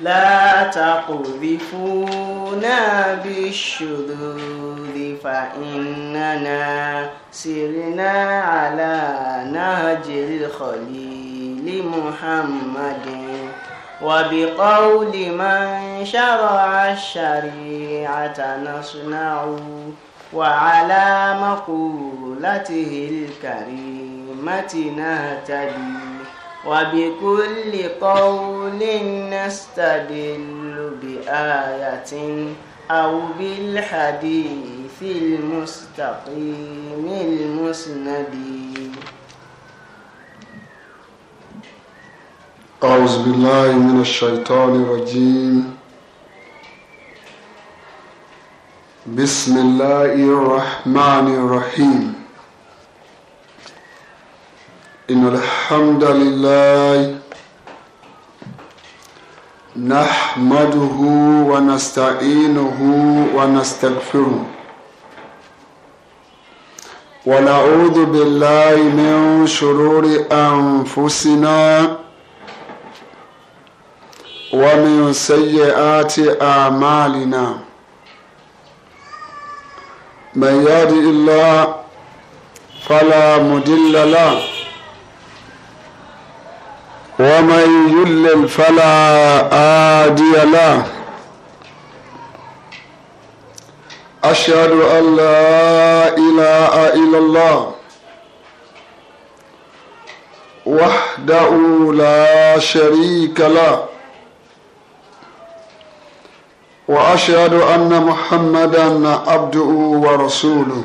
لا تقذفونا بالشذوذ فإننا سرنا على نهج الخليل محمد وبقول من شرع الشريعة نصنع وعلى مقولته الكريمة نهتدي وبكل قول نستدل بآية أو بالحديث المستقيم المسند أعوذ بالله من الشيطان الرجيم بسم الله الرحمن الرحيم إن الحمد لله نحمده ونستعينه ونستغفره ونعوذ بالله من شرور أنفسنا ومن سيئات أعمالنا من يهد الله فلا مضل له ومن يضلل فلا هادي له أشهد أن لا إله إلا الله وحده لا شريك له وأشهد أن محمدا عبده ورسوله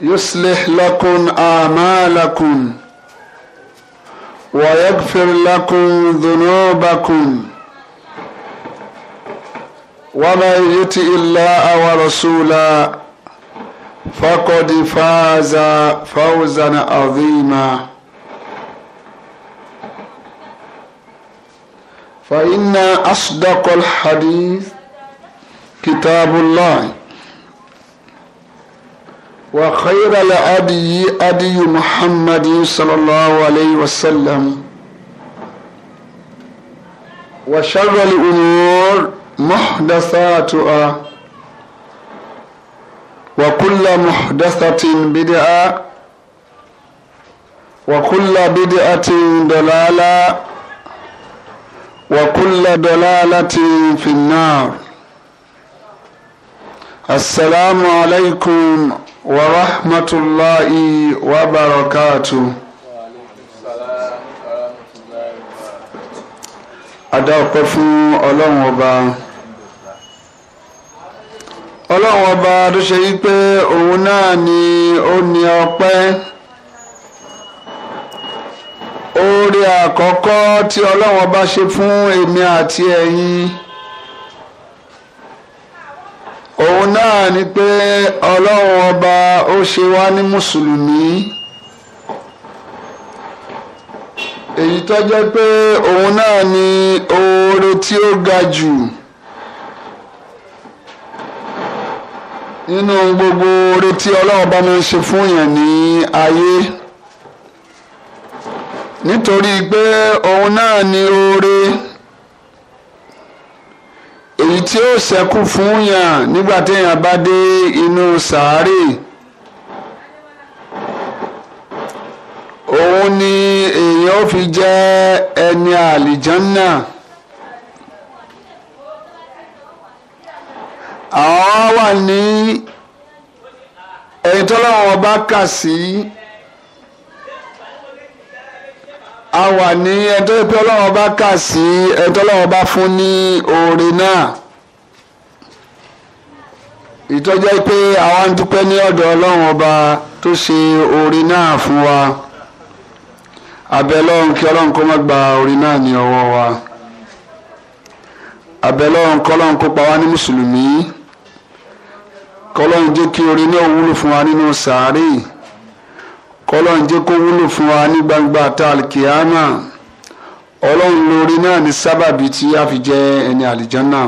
يصلح لكم اعمالكم ويغفر لكم ذنوبكم ومن يطع الله ورسوله فقد فاز فوزا عظيما فان اصدق الحديث كتاب الله وخير الأدي أدي محمد صلى الله عليه وسلم وشر الأمور محدثاتها وكل محدثة بدعة وكل بدعة ضلالة وكل ضلالة في النار السلام عليكم ورحمة الله وبركاته adáwọ̀pẹ́ fún ọlọ́run ọba ọlọ́run ọba tó ṣe yí pé òun náà ni ó ní ọpẹ́ oore àkọ́kọ́ tí ọlọ́run ọba ṣe fún èmi àti ẹ̀yin. E òun náà ni pé ọlọ́run ọba ó ṣe wá ní mùsùlùmí èyí tọ́jọ́ pé òun náà ni oore tí ó ga jù nínú gbogbo oore tí ọlọ́run ọba máa ń ṣe fún yàn ní ayé nítorí pé òun náà ni oore. èyí tí ó ṣẹ́kù fún yàn nígbà téèyàn bá dé inú sàárè òun ni èèyàn ó fi jẹ́ ẹni àlìjánná àwọn wà ní ẹni tọ́lọ́wọ́n bá kà sí. Si, a wà ní ẹjọ́ pé ọlọ́run bá kà sí ẹjọ́ ọlọ́run bá fún ní oore náà ìtọ́jẹ́ pé àwa ń dúpẹ́ ní ọ̀dọ̀ ọlọ́run ọba tó ṣe oore náà fún wa abẹ́lọ́run kí ọlọ́run kó má gba oore náà ní ọwọ́ wa abẹ́lọ́run kọ́lọ́run kó pa wá ní mùsùlùmí kọ́lọ́run jẹ́ kí oore náà wúlò fún wa nínú sàárè. No kọ́lọ́n jẹ́ kó wúlò fún wa ní gbangba tá alkiyama ọlọ́run lórí náà ní sábàbí tí a fi jẹ ẹni àlìjánná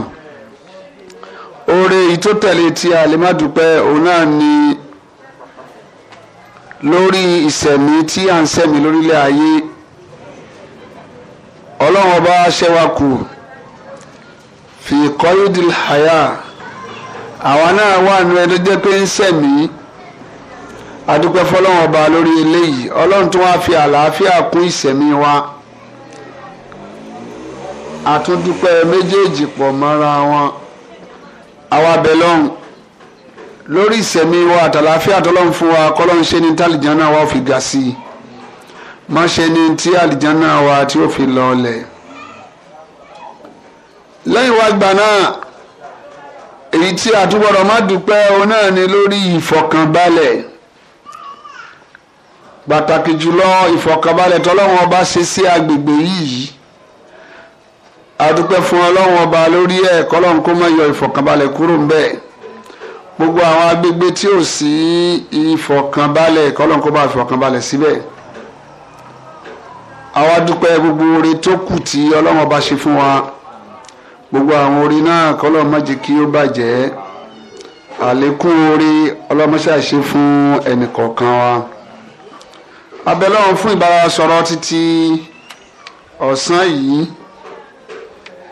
oore ìtótẹ̀lé tí a lè má dúpẹ́ òun náà ni lórí ìsẹ̀mí tí à ń sẹ̀mí lórílẹ̀ ayé ọlọ́run ọba ṣẹ́wàkù fi kọ́yídìl hayà àwa náà wà nínú ẹni tó jẹ́ pé ń sẹ̀mí adúpẹ́ fọlọ́wọ́n ọba lórí eléyìí ọlọ́run tó wá fi àlàáfíà kún ìsẹ̀mí wa àtúndúpẹ́ méjèèjì pọ̀ mọ́ra wọn àwa bẹ̀ lọ́hùn lórí ìsẹ̀mí wa àtàlàáfíà tọ́lọ́run fún wa kọ́lọ́run ṣe ní tàlìjánà wa fi ga sí i má ṣe ní tí àlìjánà wa tí ó fi lọ ọlẹ̀ lẹ́yìn wá gbà náà èyí tí àtúbọ̀rọ̀ má dúpẹ́ òun náà ni lórí ìfọ̀kànbalẹ̀ pàtàkì jùlọ ìfọ̀kànbalẹ̀ tọ́lọ́wọ́n ọba ṣe sí agbègbè yìí adúpẹ́ fún ọlọ́wọ́n ọba lórí ẹ̀ kọ́lọ́n kó má yọ ìfọ̀kànbalẹ̀ kúrò ń bẹ́ẹ̀ gbogbo àwọn agbègbè tí ò sí ìfọ̀kànbalẹ̀ kọ́lọ́n kó bá ìfọ̀kànbalẹ̀ síbẹ̀ àwa dúpẹ́ gbogbo oore tó kù tí ọlọ́wọ́n ọba ṣe fún wa gbogbo àwọn orin náà kọ́lọ́n má jẹ́ kí ó bàjẹ́ àlékún oore ọlọ́mọṣáṣe fún ẹnìkọ̀ọ̀kan wa abẹ́lẹ́wọ̀n fún ìbára sọ̀rọ̀ títí ọ̀sán yìí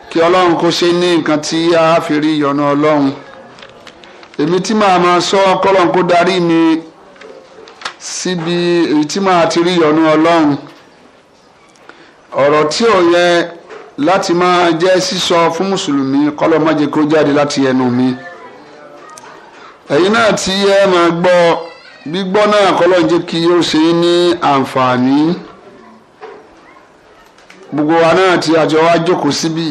kí ọlọ́run kó ṣe ní nǹkan tí a fi rí ìyọ́nú ọlọ́run èmi tí màá máa sọ kọ́lọ́n kó darí mi síbi èyí tí màá ti rí ìyọ́nú ọlọ́run ọ̀rọ̀ tí ò yẹ láti máa jẹ́ sísọ fún mùsùlùmí kọ́lọ́ má jẹ́ kó jáde láti ẹnu mi ẹ̀yin náà tí ẹ máa gbọ́ ọ gbígbọ́ náà kọ́lọ́ jẹ́ kí ó ṣe é ní àǹfààní gbogbo wa náà tí àjọ wa jókòó síbí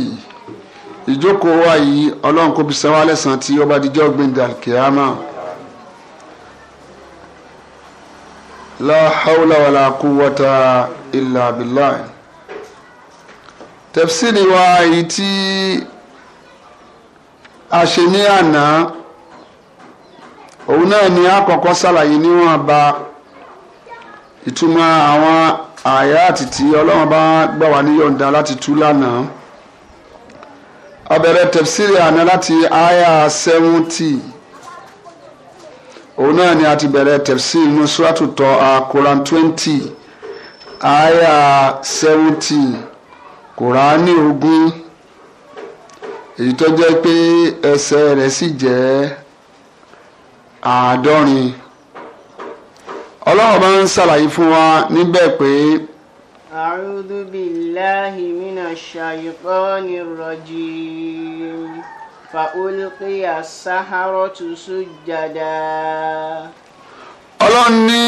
ìjókòó wa yìí ọlọ́run kò fi san wá lẹ́san tí ó bá dijọ́ gbẹ̀ndẹ̀ àkìyàmá. la hawla wala quwwata illa billah tafsiri wa èyí tí a ṣe ní àná òun náà ni a kọ́kọ́ ṣàlàyé níwọ̀nba ìtumọ̀ àwọn àyà àtìtì ọlọ́run bá gbà wá níyọ̀ǹda láti tú lánàá a bẹ̀rẹ̀ tẹ̀síìrì láti àyà sẹ́wọ́ntì òun náà ni a ti bẹ̀rẹ̀ tẹ̀síìrì nínú sùràtù tọ́ twenty àyà sẹ́wọ́ntì kòránì ogún èyí tó jẹ́ pé ẹsẹ̀ rẹ̀ sì jẹ́ àádọ́rin ọlọ́run bá ń ṣàlàyé fún wa níbẹ̀ pé. A'udhu billahi minash shaytanir rajim. Fa'ulqiya as-saharatu sujjada. ọlọ́run ní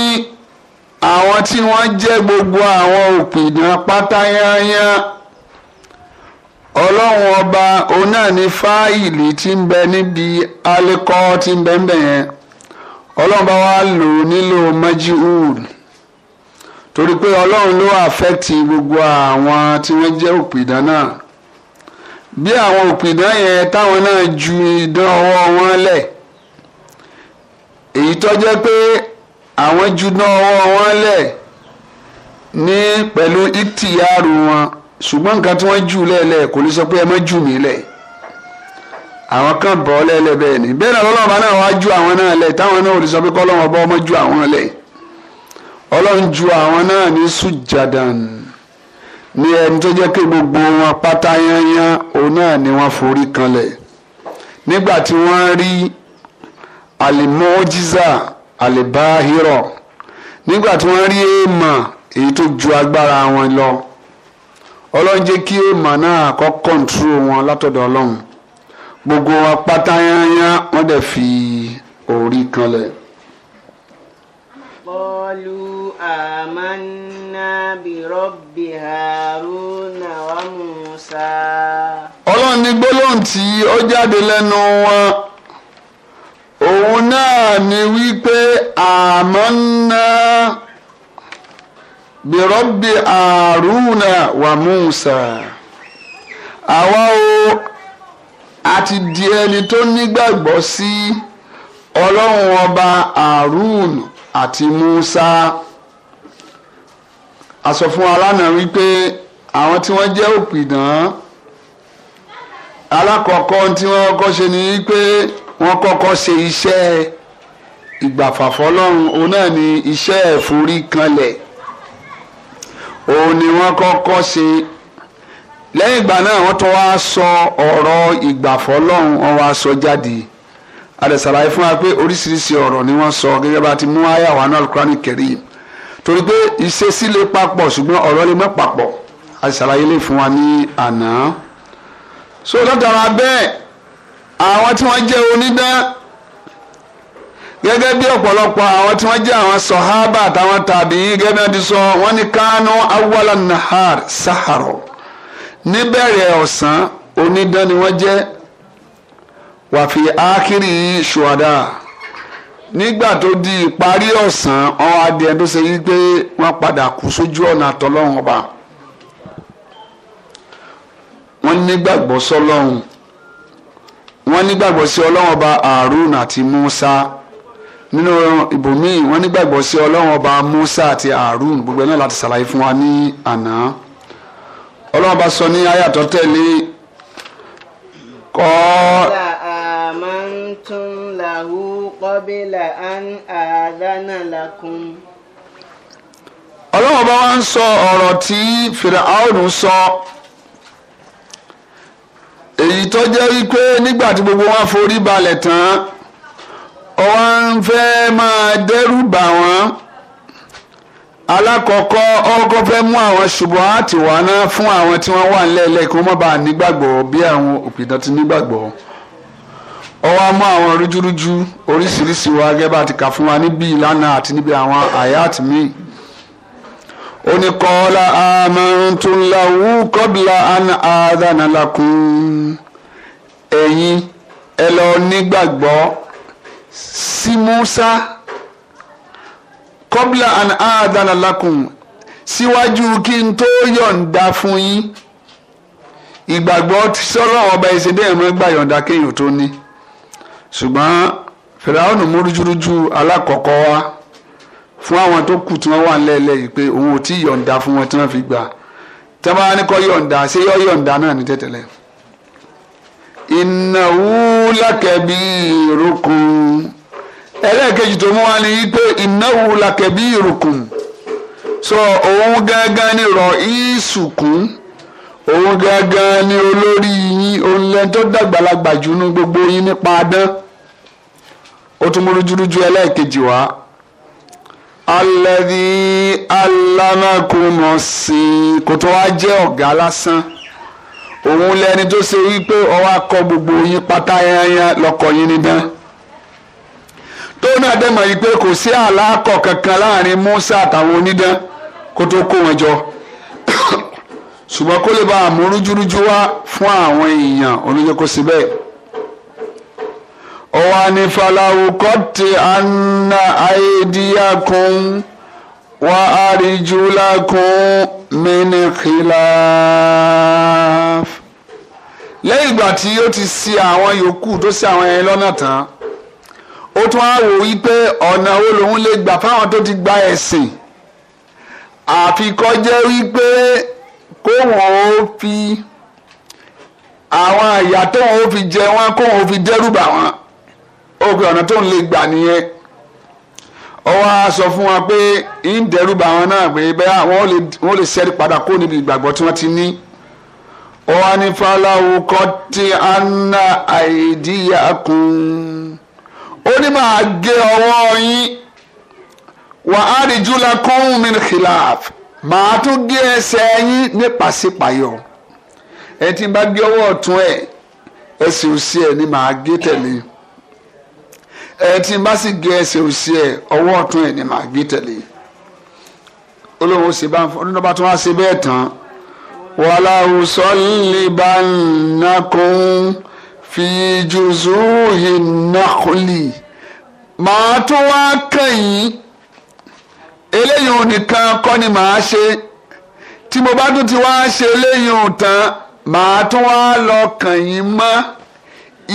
àwọn tí wọ́n jẹ́ gbogbo àwọn òpìdán pátá yányán ọlọ́run ọba òun náà ní fáìlì tí ń bẹ níbi alẹ́kọ́ tí ń bẹ ń bẹ yẹn ọlọ́run bá wá lò ó nílò majihud torí pé ọlọ́run ló àfẹ́tì gbogbo àwọn tí wọ́n jẹ́ òpìdán náà bí àwọn òpìdán yẹn táwọn náà ju idán ọwọ́ wọn lẹ̀ èyí tó jẹ́ pé àwọn juná ọwọ́ wọn lẹ̀ ní pẹ̀lú ìtìyàrú wọn ṣùgbọ́n nǹkan tí wọ́n jù lẹ̀ lẹ̀ kò lè sọ pé ẹ má jù mí lẹ̀. àwọn kan bọ̀ ọ́ lẹ́lẹ́ bẹ́ẹ̀ ni bẹ́ẹ̀ náà lọ́lọ́ọ̀bá náà wá ju àwọn náà lẹ̀ táwọn náà ò lè sọ pé kọ́lọ́wọ́ ọba ọmọ ju àwọn lẹ̀ ọlọ́run ju àwọn náà ní sùjàdàn gbogbo wọn pátá yányán òun náà ni wọ́n forí kanlẹ̀ nígbà tí wọ́n rí alimọ́jísà nígbà tí wọ́n rí ju agbára wọn lọ ọlọ́run jẹ́ kí èèmà náà kọ́ kọ́ńtúrò wọn gbogbo wa pátá yányá wọ́n dẹ̀ fi orí kanlẹ̀. qalu amanna bi rabbi haruna wa musa. ọlọ́run ní gbólóhùn tí ó jáde lẹ́nu wọn òun náà ni wípé amanna bi rabbi haruna wa musa àwa o àti di ẹni tó nígbàgbọ́ sí ọlọ́run ọba Harun àti Musa a sọ fún alánà wípé àwọn tí wọ́n jẹ́ òpìdán alákọ̀ọ́kọ́ tí wọ́n kọ́kọ́ ṣe ni wípé wọ́n kọ́kọ́ ṣe iṣẹ́ ìgbàfàfọ́lọ́run òun náà ni iṣẹ́ ẹ̀fúrí kanlẹ̀ òun ni wọ́n kọ́kọ́ ṣe lẹ́yìn ìgbà náà wọ́n tún wá sọ ọ̀rọ̀ ìgbàfọ́ lọ́hùn wọ́n wá sọ jáde àdẹ̀sàlàyé fún wa pé oríṣiríṣi ọ̀rọ̀ ni wọ́n sọ gẹ́gẹ́ bá ti mú àyà wa náà Al-Qur'ani Karim torí pé ìṣesí lè papọ̀ ṣùgbọ́n ọ̀rọ̀ lè má papọ̀ àdẹ̀sàlàyé lè fún wa ní àná. so látara bẹ́ẹ̀ àwọn tí wọ́n jẹ́ onídán gẹ́gẹ́ bí ọ̀pọ̀lọpọ̀ àwọn tí wọ́n jẹ́ àwọn sọ̀hábà àtàwọn tàbí gẹ́gẹ́ bí wọ́n ti sọ wọ́n ní kánú awwalan nahar saharo níbẹ̀rẹ̀ ọ̀sán onídán ni wọ́n jẹ́ wàfi ákìrì ṣùwádà nígbà tó di parí ọ̀sán ọ̀hún adìẹ tó ṣe wípé wọ́n padà kú sójú ọ̀nà àtọ́lọ́hún ọba wọ́n nígbàgbọ́ sọ́lọ́hún wọ́n nígbàgbọ́ ọba Harun àti Musa nínú ibòmíì wọ́n nígbàgbọ́ sí ọlọ́hún ọba Musa àti Harun gbogbo ẹ̀ náà láti ṣàlàyé fún wa ní àná. ọlọ́run bá sọ ní ayàtọ̀ tẹ̀lé kọ́. ọ̀la àmàntún làwù kọ́bílà án àdánà làkùn. ọlọ́run bá wá ń sọ ọ̀rọ̀ tí Fìràáùn sọ èyí tó jẹ́ wípé nígbà tí gbogbo wọn forí balẹ̀ tán ó wá ń fẹ́ máa dẹ́rù bà wọ́n alákọ̀ọ́kọ́ ọkọ̀ fẹ́ mú àwọn ṣùgbọ́n àti wà náà fún àwọn tí wọ́n wà nílẹ̀ ilẹ̀ kí wọ́n má bàa nígbàgbọ́ bí àwọn òpìdán ti nígbàgbọ́ ọwọ́ mú àwọn rújúrújú oríṣiríṣi wa gẹ́gẹ́ bá ti kà fún wa níbí ìlànà àti níbi àwọn àyàt míì ó ní kọ́lá àmọ́ntúnláwù kọ́bìlà àna àdánàlákùn ẹ̀yin ẹ lọ nígbàgbọ́ sí Si kọ́bílà and aadana lakum síwájú kí n tó yọ̀ǹda fún yín ìgbàgbọ́ sọ́rọ̀ ọba ẹ̀sìn dẹ́yìn mọ́ gbà yọ̀ǹda kéèyàn tó ní ṣùgbọ́n fìràwọ̀nù mú rújúrújú alákọ̀ọ́kọ́ wá fún àwọn tó kù tí wọ́n wà nílẹ̀ yìí pé òun ò tí ì fún wọn tí wọ́n fi gbà tẹ́wọ́n á ní kọ́ yọ̀ǹda ṣé yọ̀ yọ̀ǹda náà ní tẹ̀tẹ̀lẹ̀. ìnáwó lákẹ́bí ìrókun ẹlẹ́ẹ̀kejì tó mú wa ni pé ìnáwó làkẹ́bí ìrùkùn sọ òun gángan ni rọ ìsùkùn òun gángan ni olórí yín òun lẹ́ni tó dàgbàlagbà jù nú gbogbo yín nípa adán ó tún mú rújúrújú ẹlẹ́ẹ̀kejì wá alẹ́dí alámàkùnmọ̀ sí i kò tó wá jẹ́ ọ̀gá lásán òun lẹni tó ṣe wípé ọwọ́ akọ gbogbo yín pátá yányán lọ́kọ yín nídán tó náà dẹ̀ mọ̀ yìí pé kò sí àlàkọ̀ kankan láàrin Musa àtàwọn onídán kó tó kó wọn jọ ṣùgbọ́n kó lè bá àmúrújúrújú wá fún àwọn èèyàn olóyè kó sí bẹ́ẹ̀. ọ̀wá ní falawu kọ́tì anna aidiyakum wa arijulakum min khilaf. lẹ́yìn ìgbà tí ó ti ṣì àwọn yòókù tó ṣì àwọn ẹyin lọ́nà tán ó tún á wò wípé ọ̀nà wo lòun lè gbà fáwọn tó ti gba ẹ̀sìn àfikọ́jẹ́ wípé kóun ó fi àwọn àyà tóun ó fi jẹ wọn kóun ó fi dẹ́rù bà wọn ó pe ọ̀nà tóun lè gbà nìyẹn ó wá sọ fún wọn pé ń dẹ́rù bà wọn náà pé bẹ́ẹ̀ wọ́n lè ṣẹ́rí padà kó níbi ìgbàgbọ́ tí wọ́n ti ní ó wá ní fáláwo kọ́ tí a ń ná àìdíyà kún ó ní máa gé ọwọ́ yín wà á rí júlá kún min khilaf màá tún gé ẹsẹ̀ yín nípasípayọ̀ ẹ ti bá gé ọwọ́ ọ̀tún ẹ̀ ẹsẹ̀ òsì ẹ̀ ni màá gé tẹ̀lé ẹ ti bá sì gé ẹsẹ̀ òsì ẹ̀ ọwọ́ ọ̀tún ẹ̀ ni màá gé tẹ̀lé olóhùn sì bá ń fọ onídàá bá wá sí bẹ́ẹ̀ tán wàhálà òsọ̀ ń lè bá ń nàkún fi juzuhi nakhli màá tún wá kẹ́yìn eléyìí ò nìkan kọ́ ni màá ṣe tí mo bá tún ti wá ṣe eléyìí tán màá tún wá lọ kẹ́yìn mọ́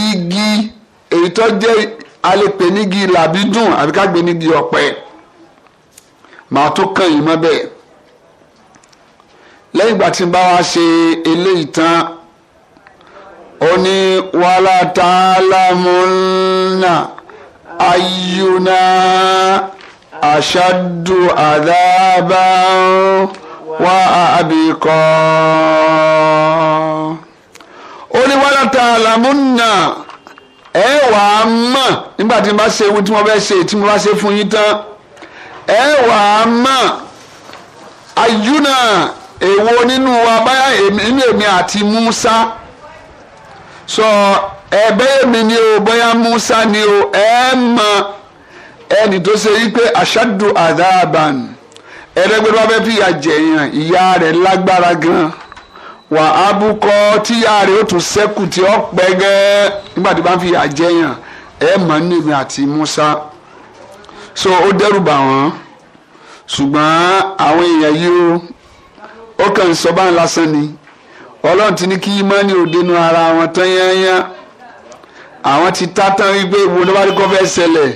igi èyí tó jẹ́ alẹ́pẹ̀ nígi làbídùn àbí ká gbé nígi ọ̀pẹ màá tún kẹ́yìn mọ́ bẹ́ẹ̀ lẹ́yìn ìgbà tí n bá wá ṣe eléyìí tán ó ní wàlá tààlámúnà ayúná àṣàdù àdábà wà àbíkọ. ó ní wàlá tààlámúnà ẹ wàá mọ̀ nígbà tí mo bá ṣe ewu tí mo bá ṣe tí mo bá ṣe fún yín tán ẹ wàá mọ̀ ayúná èwo nínú wa báyà èmi àti Musa sọ ẹ bẹ́ẹ̀ mi ni o bóyá Musa ni o ẹ mọ ẹni tó ṣe yí pé aṣáájú àdáàbàn ẹ̀ẹ́dẹ́gbẹ́rẹ́ wá fẹ́ fìyà jẹ̀yàn ìyá rẹ̀ lágbára gan wà á búkọ tíyá rẹ̀ ó tún sẹ́kù tí ó pẹ́ gẹ́ẹ́ nígbà tí bá ń fìyà jẹ̀yàn ẹ mọ̀ nínú àti Musa so ó dẹ́rù bà wọ́n ṣùgbọ́n àwọn èèyàn yìí ó kàn ń sọ báyìí lásán ni ọlọ́run ti ní kí ìmánì ò dénú ara wọn tán yányán àwọn ti tá tán wípé ìwo ló bá rí kọ́ fẹ́ ṣẹlẹ̀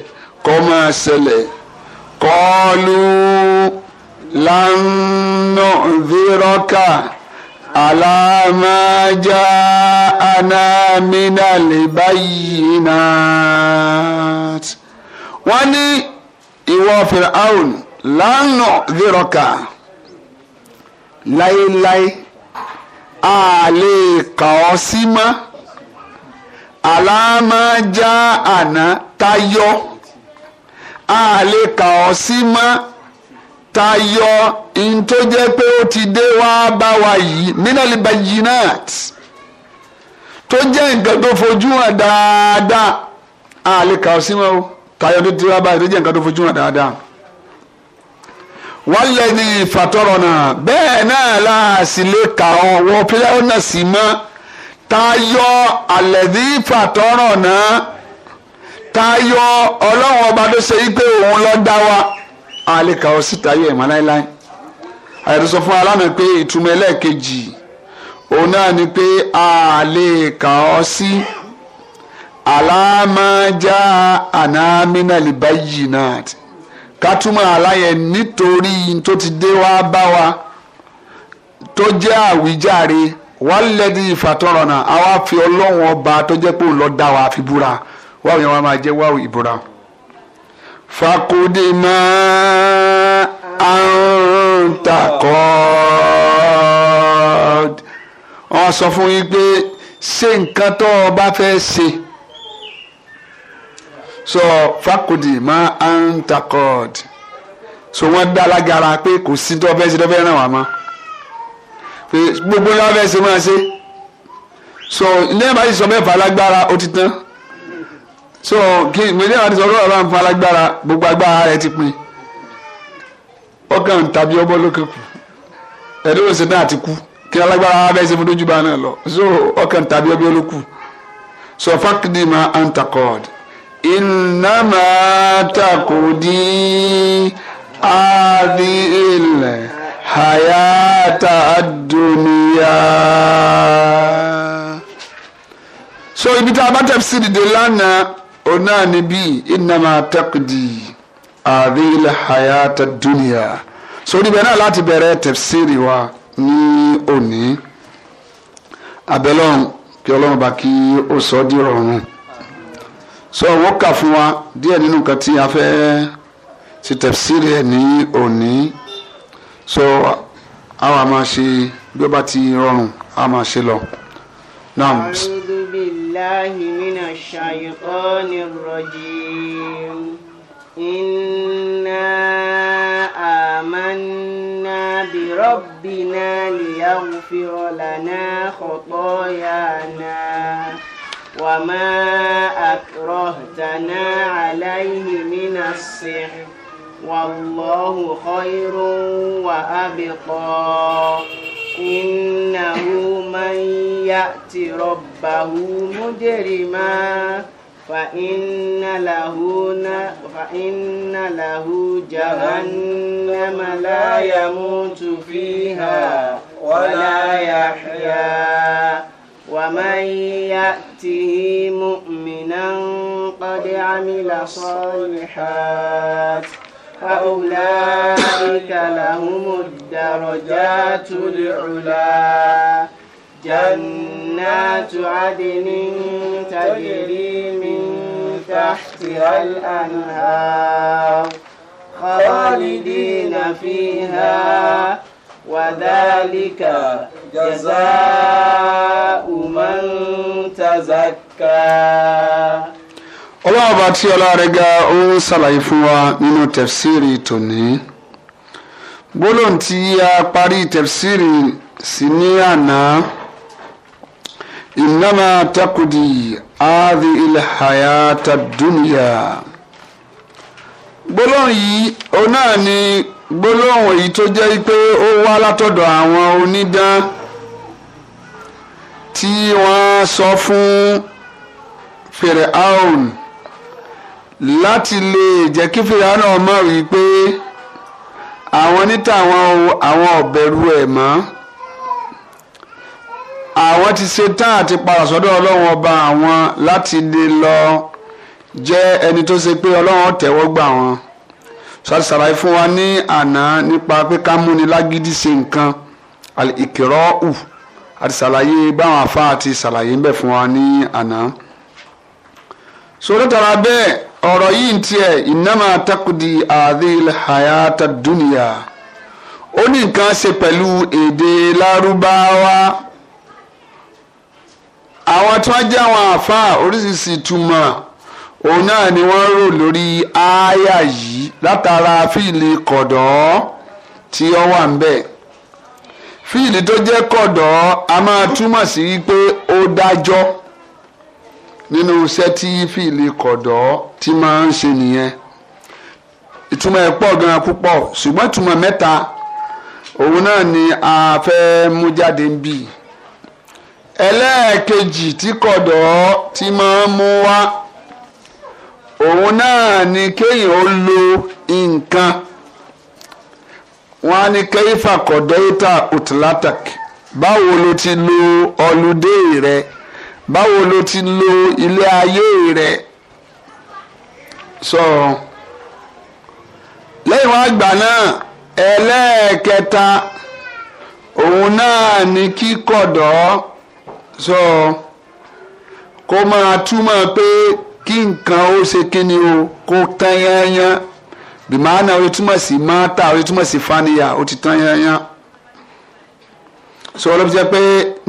kọ́ máa ṣẹlẹ̀ kọ́ọ́lù lánà vírọ́kà àlàmájá anamínàlè báyìí náà wọ́n ní ìwọ fìràhùn lánà vírọ́kà láéláé a lè kà ọ́ sí mọ́ àlámájá àná tayọ a lè kà ọ́ sí mọ́ tayọ n jẹ́ pé ó ti dé wá bá wa yìí mínàlì bayinat tó jẹ́ nǹkan tó fojú hàn dáadáa a lè kà ọ́ sí mọ́ tayọ tó ti wá bá yìí tó jẹ́ nǹkan tó fojú hàn dáadáa wálẹ̀ ní ìfàtọ́rọ̀ náà bẹ́ẹ̀ náà láàsì lè kà ọwọ́ pílẹ́wọ́ náà sì mọ́ tayọ àlẹ́dí ìfàtọ́rọ̀ náà tayọ ọlọ́run ọba tó ṣe yí pé òun ló dá wa àlekà ọ sí tayọ ẹ̀mọ́ láéláé àyẹ̀dọ́ sọ fún wa pé ìtumọ̀ ẹlẹ́ẹ̀kejì òun náà ni pé àlekà ọ sí àlámájá ànámínàlì báyìí náà ká túmọ̀ àlá yẹn nítorí tó ti dé wá bá wa tó jẹ́ àwíjàre wálẹ́dí ìfàtọ́rọ̀nà àwa fi ọlọ́run ọba tó jẹ́ pé òun ló dá wa fi búra wáwo yẹn wá máa jẹ́ wáwo ìbúra. fakudi máa ń takọ́ọ́d wọ́n sọ fún yín pé ṣé nǹkan tó o bá fẹ́ ṣe so fakodi ma antakod so wọn dá lágara pé kò sí dọ́fẹ́ sí dọ́fẹ́ ràn wá pé gbogbo yàrá máa ṣe so lẹ́yìn bá ti sọ bẹ́ẹ̀ falágbára ó ti tán so kí lẹ́yìn bá ti sọ bẹ́ẹ̀ bá ń falágbára gbogbo agbára rẹ ti pin ọkàn tàbí ọbọ lókè kù ẹ̀ẹ́dẹ́gbẹ̀rún ṣe náà ti kú kí alágbára fẹ́ fún dójúbà náà lọ so ọkàn tàbí ọbẹ olókù so fakodi ma antakod. إنما تقضي هذه الحياة الدنيا so ibi tá a bá tẹ̀ sí dìde lánàá òun náà ni bíi ìnàmà tẹ́kùdì àdéhìlẹ̀ hayata dunia so níbẹ̀ náà láti bẹ̀rẹ̀ tẹ̀síìrì wa ní òní abẹ́lọ́run kí ọlọ́run bá kí ó sọ ọ́ dìrọ̀rùn so wọ́n kà fún wa díẹ̀ nínú nǹkan tí a fẹ́ ṣe tẹ̀síìrì ẹ̀ ní òní so àwa máa ṣe bí ó bá ti rọrùn a máa ṣe lọ. أعوذ بالله من الشيطان الرجيم إنا آمنا بربنا ليغفر لنا خطايانا وما أكرهتنا عليه من السحر والله خير وأبقى إنه من يأت ربه مجرما فإن له فإن له جهنم لا يموت فيها ولا يحيا ومن يأته مؤمنا قد عمل صالحات فأولئك لهم الدرجات العلا جنات عدن تجري من تحتها الأنهار خالدين فيها وذلك جزاء من تزكى ọlọ́run ọba tí ọlọ́run ga ó ń ṣàlàyé fún wa nínú tẹ̀fsíìrì tòní gbólóhùn tí a parí tẹ̀fsíìrì sí ní àná ìnáma takùdì áàdì ìlàhàyà tàdúnìyà gbólóhùn yìí ó náà ní gbólóhùn èyí tó jẹ́ pé ó wá látọ̀dọ̀ àwọn onídán tí wọ́n sọ fún fèrè aun láti lè jẹ́ kí fèrè aun mọ̀ wípé àwọn níta àwọn ọ̀bẹ̀rù ẹ̀ mọ́ àwọn ti ṣe tán àti padà sọ́dọ̀ ọlọ́run ọba àwọn láti lè lọ jẹ́ ẹni tó ṣe pé ọlọ́run tẹ́wọ́ gbà wọ́n ṣàlàyé fún wa ní àná nípa pé ká múni lágídí ṣe nǹkan ìkìrọ́ọ̀hù àti ṣàlàyé báwọn afá àti ṣàlàyé ń bẹ̀ fún wa ní àná. sòrótara bẹ́ẹ̀ ọ̀rọ̀ yìí ń tiẹ̀ ìnáma takùdì àdìl hayata dúnìyà ó ní nǹkan ṣe pẹ̀lú èdè lárúbáwá àwọn tí wọ́n jẹ́ àwọn àfáà oríṣiríṣi ìtumọ̀ òun náà ni wọ́n rò lórí ááyà yìí látara fíìlì kọ̀dọ̀ tí ó wà ń bẹ̀. fíìlì tó jẹ́ kọ̀dọ̀ a máa túmọ̀ sí pé ó dájọ́ nínú iṣẹ́ tí fíìlì kọ̀dọ̀ ti máa ń ṣe nìyẹn. ìtumọ̀ ẹ̀ pọ̀ gan-an púpọ̀ ṣùgbọ́n ìtumọ̀ mẹ́ta òun náà ni a fẹ́ mú jáde ń bì. ẹlẹ́ẹ̀kejì tí kọ̀dọ̀ ti máa ń mú wá òun náà ni kéèyàn ó lo nǹkan wọn á ní kẹ́yìfà kọ̀dọ́yìtà utlatak báwo ló ti lo ọlùdé rẹ báwo ló ti lo ilé ayé rẹ sọ lẹ́yìn wọn àgbà náà ẹlẹ́ẹ̀kẹta òun náà ni kíkọ̀dọ̀ sọ kó máa túmọ̀ pé kí nǹkan ó ṣe kíni o kó tán yányán bìmáàna ó túmọ̀ sí máta ó túmọ̀ sí faniya ó ti tán yányán sọ ọlọ́pàá jẹ́ pé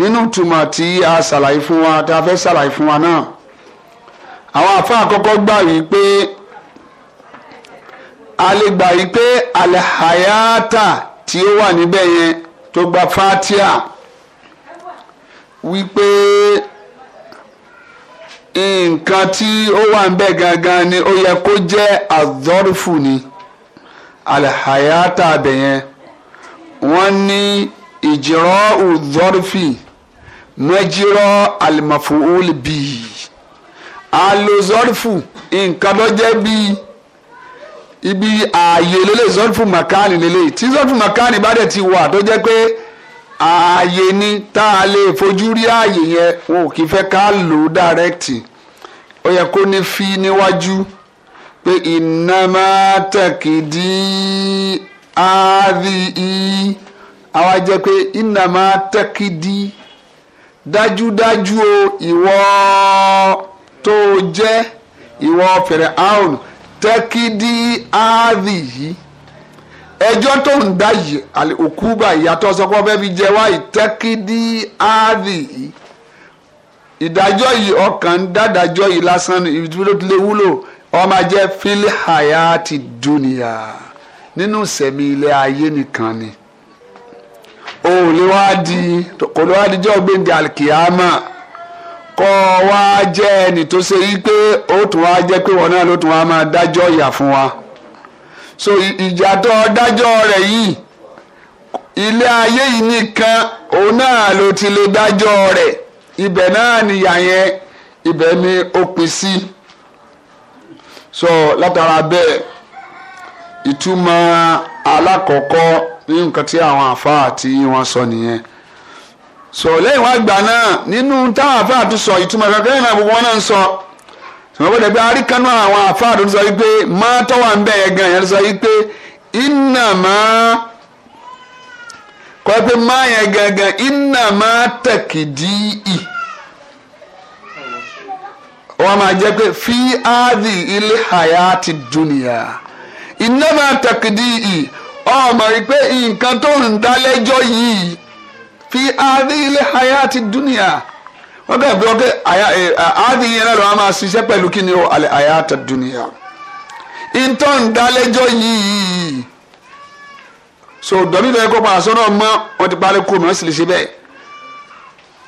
nínú ìtumọ̀ tí a ṣàlàyé fún wa tá a fẹ́ ṣàlàyé fún wa náà àwọn àfa àkọ́kọ́ gbà yìí pé a lè gbà yìí pé alihayata tí ó wà níbẹ̀ yẹn tó gba fatia wípé. nǹkan tí ó wà ń bẹ gangan ni ó yẹ kó jẹ́ azọ́rùfù ni alhayata abẹ̀yẹn wọ́n ní ìjìrọ̀ uzọ́rùfì mẹ́jìrọ̀ alimafuul bíi alozọ́rùfù nǹkan ló jẹ́ bíi ibi ààyè lélẹ̀ zọ́rùfù makani lélẹ̀ tí zọ́rùfù makani bá dẹ̀ ti wà tó jẹ́ pé. ààyè ni tá a lè fojú rí ààyè yẹn wọn ò kì í fẹ́ ká lò ó dàrẹ́kìtì ó yẹ kó ní fi níwájú pé ìnáma tẹ̀kìdí áádì í àwa jẹ́ pé ìnáma tẹ̀kìdí dájúdájú o ìwọ tó jẹ́ ìwọ fẹ̀rẹ̀ áhùn tẹ́kìdí áádì yìí ẹjọ́ tó ń dá yìí òkú bá ìyàtọ̀ sọ pé ọbẹ̀ fi jẹ wá ìtẹ́kídí áàdì ìdájọ́ yìí ọkàn ń dádájọ́ yìí lásán ní ibi tó ti lè wúlò ọmọ ajẹ́ filihaya ti dúnìyà nínú sẹ̀mí ilé ayé nìkan ni òun lè wá di kò lè wá di jọ́ gbẹ̀ǹdẹ̀ alikiyama kọ́ wá jẹ́ ẹni tó ṣe yí pé ó tún wá jẹ́ pé wọn náà ló tún wá máa dájọ́ ìyà fún wa so ìjàtọ̀ dájọ́ rẹ̀ yìí ilé ayé yìí nìkan òun náà ló ti lè dájọ́ rẹ̀ ibẹ̀ náà nìyà yẹn ibẹ̀ ni ó pin sí so látara bẹ́ẹ̀ ìtumọ̀ alákọ̀ọ́kọ́ ní nǹkan tí àwọn àfáà tí wọ́n sọ nìyẹn so lẹ́yìn wá gbà náà nínú táwọn àfáà tún sọ ìtumọ̀ kankan náà gbogbo wọn náà ń sọ. So, sọ̀rọ̀ dẹ̀ pé aríkanú àwọn àfáà tó sọ wípé máa tọ́wà ń bẹ̀ yẹn gan yẹn sọ wípé iná máa kọ́ pé máa yẹn gangan iná máa tẹ̀kìdí ì wọ́n máa jẹ́ pé fi áàdì ilé àyà ti dùnìyà iná máa tẹ̀kìdí ì ọmọ rí pé nǹkan tó ń dálẹ́jọ́ yìí fi áàdì ilé àyà ti dùnìyà wọ́n kẹ́ gbọ́ pé àádì yẹn náà lọ́wọ́ máa ṣiṣẹ́ pẹ̀lú kí ni o àlẹ́ àyàtà dùnìyà ìtọ́n dálẹ́jọ́ yìí so dọ̀bí lọ́yẹ kó máa sọ́nà mọ́ wọ́n ti parí kó mọ́ sì lè ṣe bẹ́ẹ̀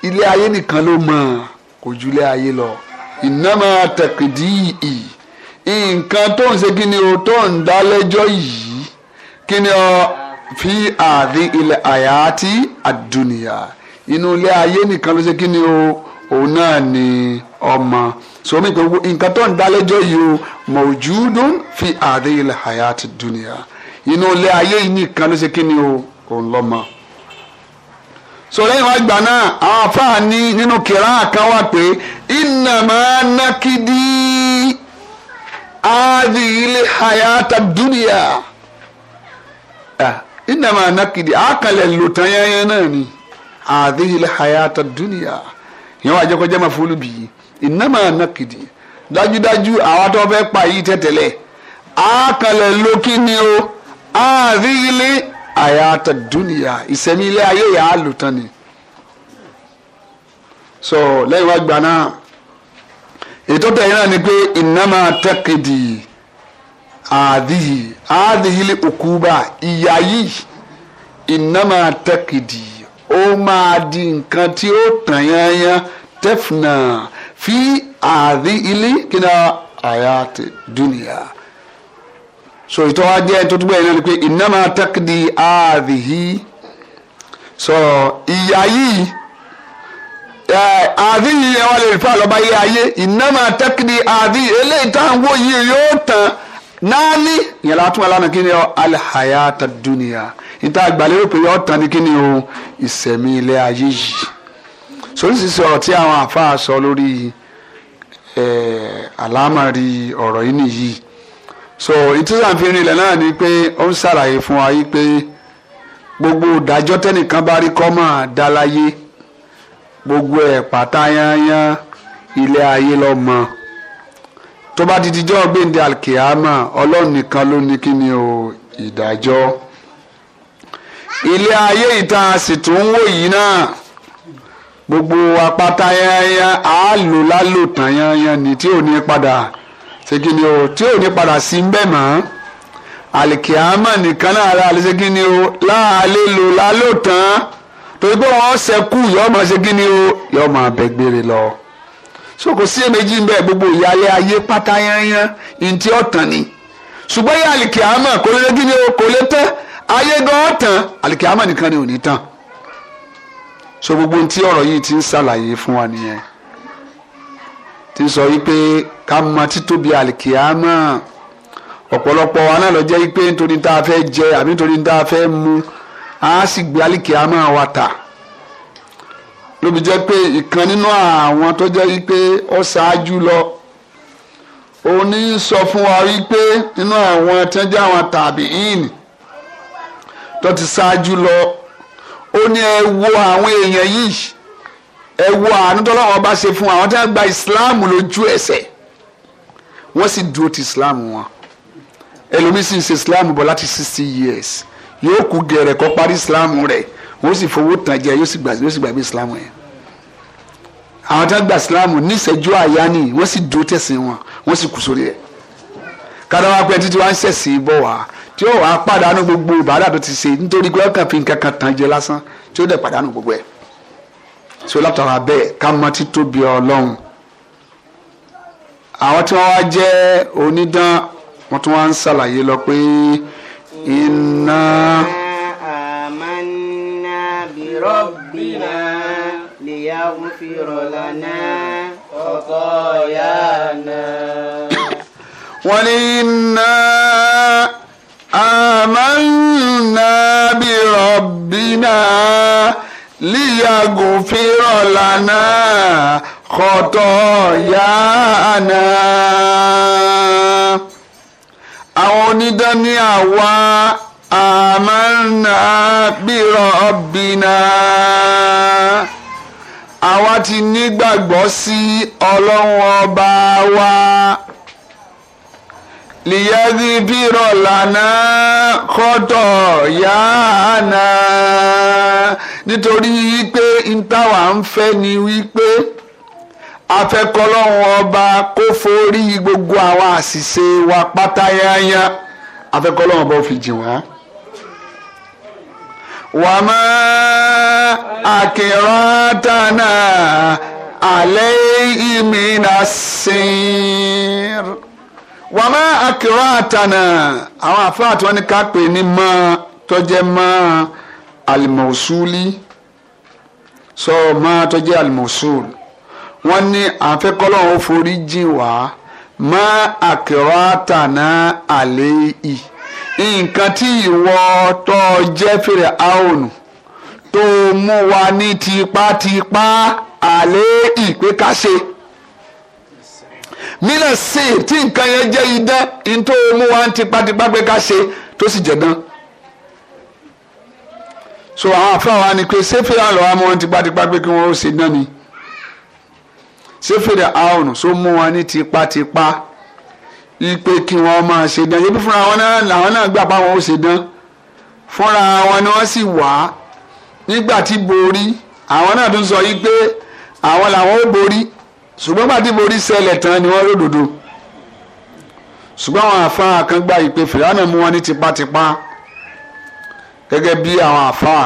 ilé ayé nìkan ló mọ̀ kò ju ilé ayé lọ ìnáma tẹ̀kìdì yìí nǹkan tó ń ṣe kí ni o tó ń dálẹ́jọ́ yìí kí ni o fi àdín ilẹ̀ àyàtì àdùnìyà inú ilé ayé nìkan ló ṣe kí ni o òun náà ni ọmọ sọmi pé nǹkan tó ń dálẹ́jọ́ yìí o mawjudun fi àdéhìlẹ̀ hayati dunia inú ilé ayé yìí nìkan ló ṣe kí ni o òun lọ́mọ sọlẹ́yìn wá gbà náà àwọn afáà ní nínú kìlá kan wà pé iná máa ná kídí áàdì ilé hayata dúnìyà iná máa ná kídí àkàlẹ̀ lòtàn yẹn náà ni áàdì ilé hayata dúnìyà ìyẹn wàá jẹ́ kó jẹ́ máa fún olùbí yìí ìnáma nàkìdì dájúdájú àwa tó fẹ́ pa yìí tẹ̀tẹ̀lẹ̀ àkànlẹ̀ ló kí ni o àríyílé àyàtọ̀ dúnìyà ìsẹ̀mí ilé ayé yà á lò tán ni. sọ lẹ́yìn wá gbà náà ètò tẹ̀yìn náà ni pé ìnáma tẹ́kìdì àdìyí àdìyí lè òkú ìyá yìí ìnáma tẹ́kìdì ó máa di nǹkan tí ó tàn yányán tẹ́fùnà fi àdín ilé kí ni àyà ti dúnìyà so ìtọ́ wa jẹ́ tó túbọ̀ yẹn náà ni pé ìnáma tẹ́kìdì àdìhí so ìyá yìí àdí yìí ẹ wá lè fa lọ́ba yé ayé ìnáma tẹ́kìdì àdí eléyìí tá à ń wò yìí yóò tán náání yẹn látúmọ̀ lánàá kí ni ọ alihayata dúnìyà ìta àgbàlérò pé yóò tán ni kí ni o ìsẹ̀mí ilé ayé yìí soríṣiríṣi ọ̀rọ̀ tí àwọn àfáà sọ lórí àlámàrí ọ̀rọ̀ yìí nìyí so ìtúsànfin ilẹ̀ náà ni pé ó ń ṣàlàyé fún wa yìí pé gbogbo ìdájọ́ tẹ́nìkan bá rí kọ́ máa gbogbo ẹ̀ pátá yányán ilé ayé lọ mọ tó bá ti dijọ́ gbéǹde alkiyama niki ló ní kí ni o ìdájọ́. ilé ayé ìta sì tún ń wò yìí náà gbogbo apáta yanyan àálò lálò tán yanyan ni tí ò ní padà ṣèkìní o tí ò ní padà sí mbẹ́ mọ́ àlìkìámà nìkan náà rà ṣèkìní o láàlè lò lálò tán torí pé wọ́n ṣẹ́kù yọ ọmọ ṣèkìní o yọ ọmọ abẹ́gbére lọ so kò sí èméjì ń bẹ gbogbo ìyálẹ̀ ayé pátá yanyan ntí ọ̀tàn ni ṣùgbọ́n yàlìkìámà kò lè ṣèkìní o kò lè tán ayé gan tán àlìkìyàmọ̀ nìkan ni ò ní tán so gbogbo ohun tí ọ̀rọ̀ yìí ti ń ṣàlàyé fún wa nìyẹn ti sọ wípé ká mọ títóbi àlìkìyàmọ̀ ọ̀pọ̀lọpọ̀ wa náà lọ jẹ́ wípé nítorí tá a fẹ́ jẹ àbí nítorí tá a fẹ́ mu á sì gbé àlìkìyàmọ̀ wa tà lóbi jẹ́ pé ìkan nínú àwọn tó jẹ́ wípé ó ṣáájú lọ òní sọ fún wa wípé nínú àwọn tí àwọn tàbí ìní tó ti ṣáájú lọ ó ní ẹ wo àwọn èèyàn yìí ẹ wo àánú tọ́lọ́run ọba ṣe fún àwọn tí wọ́n gba ìsìláàmù lójú ẹsẹ̀ wọ́n sì dúró ti ìsìláàmù wọn ẹlòmíín sì ń ṣe ìsìláàmù bọ̀ láti sixty years yóò kú gẹ̀rẹ̀ kó parí ìsìláàmù rẹ̀ wọ́n sì fowó tàn jẹ yóò sì gbàgbé ìsìláàmù yẹn àwọn tí wọ́n gba ìsìláàmù ní ìṣẹ́jú àyá ni wọ́n sì dúró tẹ̀sìn wọn wọ́n sì kú sórí ẹ̀ kádàwá pé títí wọ́n ń ṣẹ̀sìn bọ̀ wá tí ó wàá pàdánù gbogbo ìbádà tó ti ṣe nítorí pé ọkàn fi nǹkan kan tàn jẹ lásán tí ó dẹ̀ pàdánù gbogbo ẹ̀ tí ó látara bẹ́ẹ̀ ká mọ títóbi ọlọ́run àwọn tí wọ́n wá jẹ́ onídán wọ́n tún wá ń ṣàlàyé lọ pé iná. wọ́n ní iná. آمنا بربنا ليغفر لنا خطايانا àwọn onídán ní àwa àmánà bírọ̀bìnà àwa ti nígbàgbọ́ sí ọlọ́run ọba wa. ليغفر لنا خطايانا nítorí wípé ntàwa ń fẹ́ ni wípé afẹ́kọ́lọ́hún ọba kó forí gbogbo àwọn àṣìṣe wa pátáyáyá afẹ́kọ́lọ́hún ọba ó fi jì wá. wà á mọ́ àkìrán tánà àlẹ́ ìmìnà sìn wà má akérò àtànà àwọn àfáà tí wọ́n ní ká pè ní mọ́ tọ́jẹ́ mọ́ alimọ̀súlì sọ mọ́ tọ́jẹ́ alimọ̀súl wọ́n ní àfẹ́kọ́lọ́ ò forí jìn wá mọ́ akérò àtànà àlẹ́ yìí nǹkan tí ìwọ tọ́ jẹ́ fèrè àhùn tó mú wa ní tipátipá àlẹ́ ìpè ká ṣe mílẹ̀ sí i tí nǹkan yẹn jẹ́ idán ntọ́ mú wa ń tipátipá pé ká ṣe tó sì jẹ́ dán. so àwọn afáwa ni pé sẹ́fẹ̀ àlọ́ wa mú wọn tipátipá pé kí wọ́n ó ṣe dán ni sẹ́fẹ̀ àrùn so mú wọn ní tipátipá ipe kí wọ́n máa ṣe dán yẹ́bí fúnra wọn náà làwọn náà gbà báwọn ó ṣe dán fúnra wọn ni wọ́n sì wá nígbà tí borí àwọn náà tún sọ yìí pé àwọn làwọn ó borí ṣùgbọ́n pàtí mo rí ṣẹlẹ̀ tán ni wọ́n ródòdó ṣùgbọ́n àwọn àfáà kan gba ìpè fìlànà mú wọn ní tipátipá gẹ́gẹ́ bí àwọn àfáà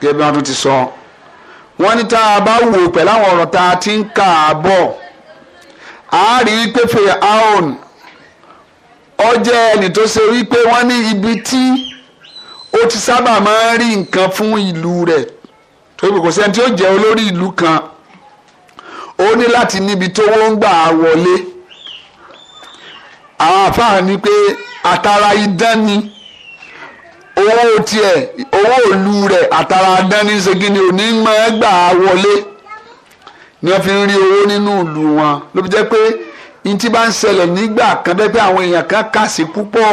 gẹ́gẹ́ bí wọ́n tún ti sọ wọ́n ní tá a bá wò pẹ̀lú àwọn ọ̀rọ̀ tá a ti ń kà á bọ̀ a rí i pé fèrè aon ó jẹ́ ẹni tó ṣe wípé wọ́n ní ibi tí ó ti sábà máa ń rí nǹkan fún ìlú rẹ̀ torí kò sẹ́ni tí ó jẹ́ olórí ìlú kan ó ní láti níbi tó wọ́n ń gbà wọlé àwọn àfáà ní pé àtàrà idán ni owó tiẹ̀ owó òlu rẹ̀ àtàrà idán ní segini òní máa gbà wọlé ni wọ́n fi ń rí owó nínú ìlú wọn ló fi jẹ́ pé ní tí bá ń ṣẹlẹ̀ nígbà kan bẹ́ẹ̀ pé àwọn èèyàn kan kà sí púpọ̀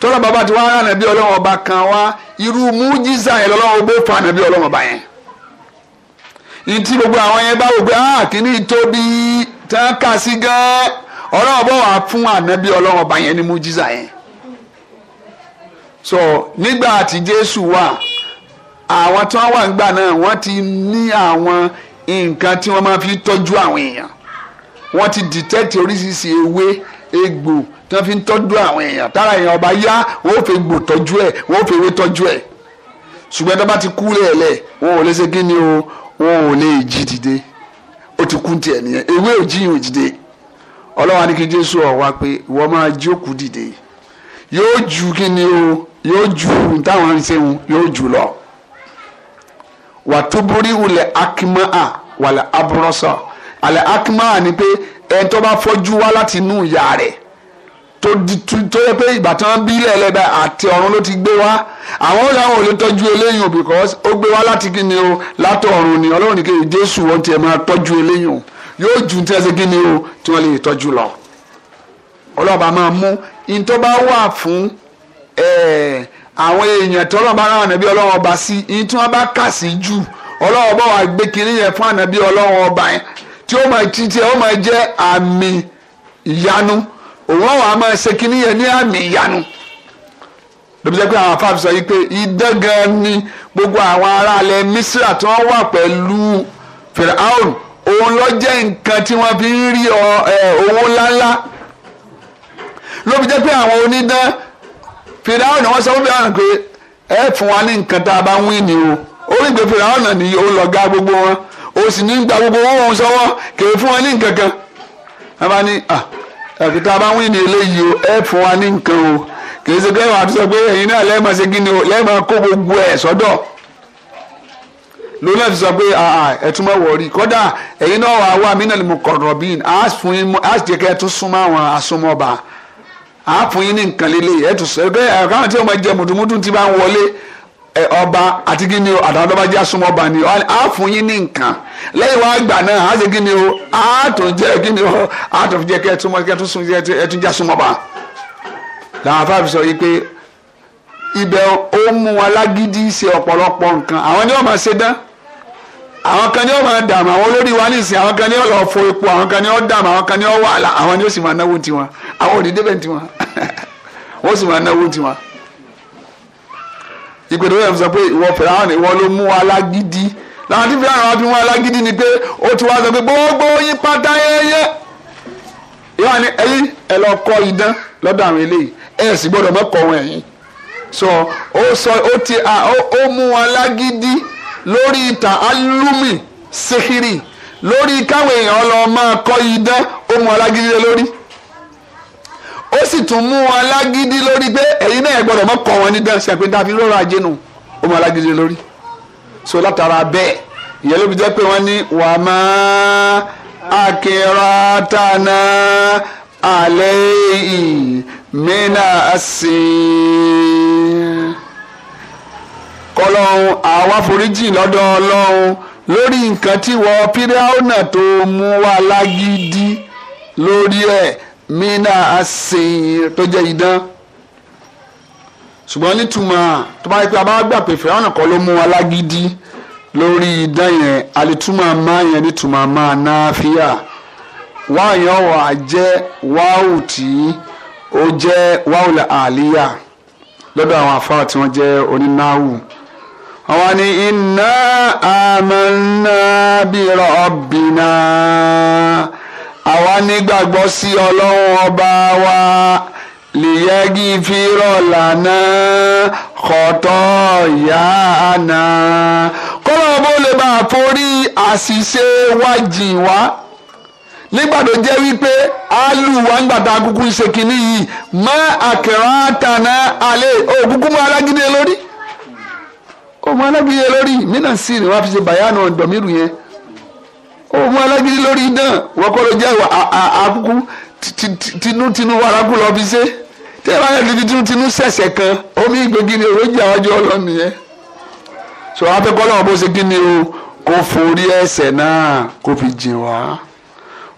tọ́lá bàbá tí wọ́n rà nàbí ọlọ́run ọba kan wá irú mújísà yẹn lọ́lọ́run ó fa nàbí ọlọ́run ọba yẹn ntí gbogbo àwọn yẹn bá wò ah kìíní tóbi tá a kà sí gan ọlọ́run bọ̀ wá fún ànábì ọlọ́run ọba yẹn ní mújísà yẹn so nígbà tí Jésù wà àwọn tí wọ́n wà nígbà náà wọ́n ti ní àwọn nǹkan tí wọ́n máa fi tọ́jú àwọn èèyàn wọ́n ti detect oríṣiríṣi ewé egbò tí wọ́n fi ń tọ́jú àwọn èèyàn tára èèyàn ọba yá wọ́n ò fi egbò tọ́jú ẹ̀ wọ́n ò fi ewé tọ́jú ẹ̀ ṣùgbọ́n tí wọ́n bá ti kú lẹ́ẹ̀lẹ́ wọn ò lè ṣe kí ni o wọn ò lè jí dìde ó ti kú tiẹ̀ nìyẹn ewé ò jí yìí dìde ọlọ́wọ́n ní kí jésù ọ̀wá pé wọ́n máa jí òkú dìde yóò ju kí ni o yóò ju táwọn ń sẹ́wọ̀n yóò jù lọ wàtúbúrí wulẹ̀ akimaa wàlẹ̀ aburọ́sà àlẹ́ akimaa ni pé ẹni bá fọ́jú wá láti inú ìyá rẹ̀ tó tó yẹ pé ìbátan bí lẹ́lẹ́dá àti ọ̀run ló ti gbé wá àwọn ọ̀rẹ́ àwọn ò lè tọ́jú eléyìí o because ó gbé wá láti kí ni o látọ̀run ni ọlọ́run nìkan jésù wọn tiẹ̀ máa tọ́jú eléyìí o yóò ju tí wọ́n ṣe kí ni o tí wọ́n lè tọ́jú lọ. ọlọ́ba máa mú in tó bá wà fún àwọn èèyàn tó lọ́ba rán ànábí ọlọ́run ọba sí in tí wọ́n bá kà sí jù ọlọ́run bọ̀ wá gbé kinní yẹn fún ànábí òun àwọn àmọ́ ṣe kínní yẹn ní àmì ìyanu lóbi jẹ́ pé àwọn afáàfin sọ yìí pé idán ni gbogbo àwọn aráàlẹ̀ Mísírà tí wọ́n wà pẹ̀lú Fìràhùn òun ló jẹ́ nǹkan tí wọ́n fi ń rí owó ńláńlá lóbi jẹ́ pé àwọn onídán Fìràhùn wọ́n sọ wípé àwọn pé ẹ fún wa ní nǹkan tá a bá wí ni o orí ìgbé Fìràhùn ni òun lọ ga gbogbo wọn o sì ní gba gbogbo owó wọn sọ́wọ́ kèé fún wọn ní nǹkan kan wọ́n bá ní ah ẹ̀kí tá a bá wíìnì eléyìí o ẹ̀ fún wa ní nǹkan o kì í ṣe pé wàá tún sọ pé ẹ̀yin náà lẹ́ẹ̀mọ̀ ṣe kí ni o lẹ́ẹ̀mọ̀ kó gbogbo ẹ̀ sọ́dọ̀ lónà ti sọ pé ẹ tún bá wọrí kódà ẹ̀yin náà wàá wà mínà ni mo kọ̀rọ̀ bí a fún yín a jẹ́ kẹ́ ẹ tún súnmọ́ àwọn asomọba a fún yín ní nǹkan lélẹ̀ ẹ tún sọ pé ẹ̀ káwọn tí wọ́n máa jẹ mùdùmùdù ti bá ń wọlé ọba àti gíní o àtàwọn ọba jẹ́ asúnmọ́ ọba ni á fún yín ní nǹkan lẹ́yìn wá gbà náà á ṣe gíní o á tó jẹ́ gíní o á tó jẹ́ kẹ́ túnmọ́ kẹ́ tún jẹ́ ẹ tún jẹ́ asúnmọ́ ọba. làwọn afáàfin sọ yìí pé ibẹ̀ ó mú wọn lágídí ṣe ọ̀pọ̀lọpọ̀ nǹkan àwọn ni wọ́n máa ṣe dán àwọn kan ni wọ́n máa dààmú àwọn olórí wa ní ìsìn àwọn kan ni wọ́n lọ fo epo àwọn kan ni wọ́n dààmú àwọn kan ni wọ́n wàhálà àwọn ni ó sì máa náwó tiwọn àwọn òdìdébẹ̀ tiwọn wọ́n sì máa náwó tiwọn ìpèdè wíwẹ̀ sọ pé ìwọ fẹ̀ràn ìwọ ló mú alágídí làwọn tí fẹ̀ràn wá fi mú alágídí ni pé ó ti wá sọ pé gbogbo yín pátá yẹ́yẹ́ ìwà ni ẹ̀yin ẹ lọ kọ́ idán lọ́dọ̀ àwọn eléyìí ẹ sì gbọ́dọ̀ mọ́kọ̀ wọn ẹ̀yìn sọ ó sọ ó ti ó mú alágídí lórí ìtàn alúmì sihiri lórí káwọn èèyàn lọ máa kọ́ idán ó mú alágídí lórí ó sì tún mú wọn lágídí lórí pé ẹ̀yin náà gbọ́dọ̀ mọ́ kọ́ wọn ní dẹ́sẹ̀ pé dábí lọ́rọ̀ ajé nu ó mọ lágídí lórí so látara bẹ́ẹ̀ ìyẹn ló fi jẹ́ pé wọ́n ní wà má akẹ́rọ̀tànà alẹ́ yìí mẹ́nà sí i kọ́lọ́hún àwa foríjì lọ́dọ̀ ọlọ́hún lórí nǹkan tí wọ́n píríàwọ̀nà tó mú wa lágídí lórí ẹ̀. E mina asin tó jẹ́ idán ṣùgbọ́n nítumọ̀ tó bá yẹ pé a bá gbà pé fìràwọn kọ́ ló mú wa lórí idán yẹn alituma máa yẹn nítumọ̀ máa náfíà wáyọ̀ wà jẹ́ wáwù tí ó jẹ́ wáwù àlíyà lọ́dọ̀ àwọn afárá tí wọ́n jẹ́ onínáwù àwọn ni iná àmàlà bí àwa nígbàgbọ́ sí ọlọ́run ọba wa lìyẹ́gì fírọ̀là náà kọ̀tọ́ ìyá àná kọ́lọ́ bó lè máa forí àṣìṣe wájì wá nígbà jẹ́ wípé alu wa ń gbàtà kúkú ṣe kínní yìí mọ àkẹ́rọ̀ àtàná alẹ́ òkúkú mọ alágídé lórí ó mọ alágídé lórí mí náà sì ni wọ́n fi ṣe bàyá náà dọ̀míru yẹn oògùn alágídí lórí náà wọ́n kọ́ ló jẹ́ àkúkú tinútinú wàràkú lọ́ọ́ fi ṣe tí ẹ bá yẹ fi tinútinú sẹ̀sẹ̀ kan omi ìgbégi ni òwe jẹ́ àwájú ọlọ́ọ̀nì yẹn so afẹ́kọ́ lọ́wọ́ bó ṣe kí ni o kó forí ẹ̀ṣẹ̀ náà kó fi jìn wá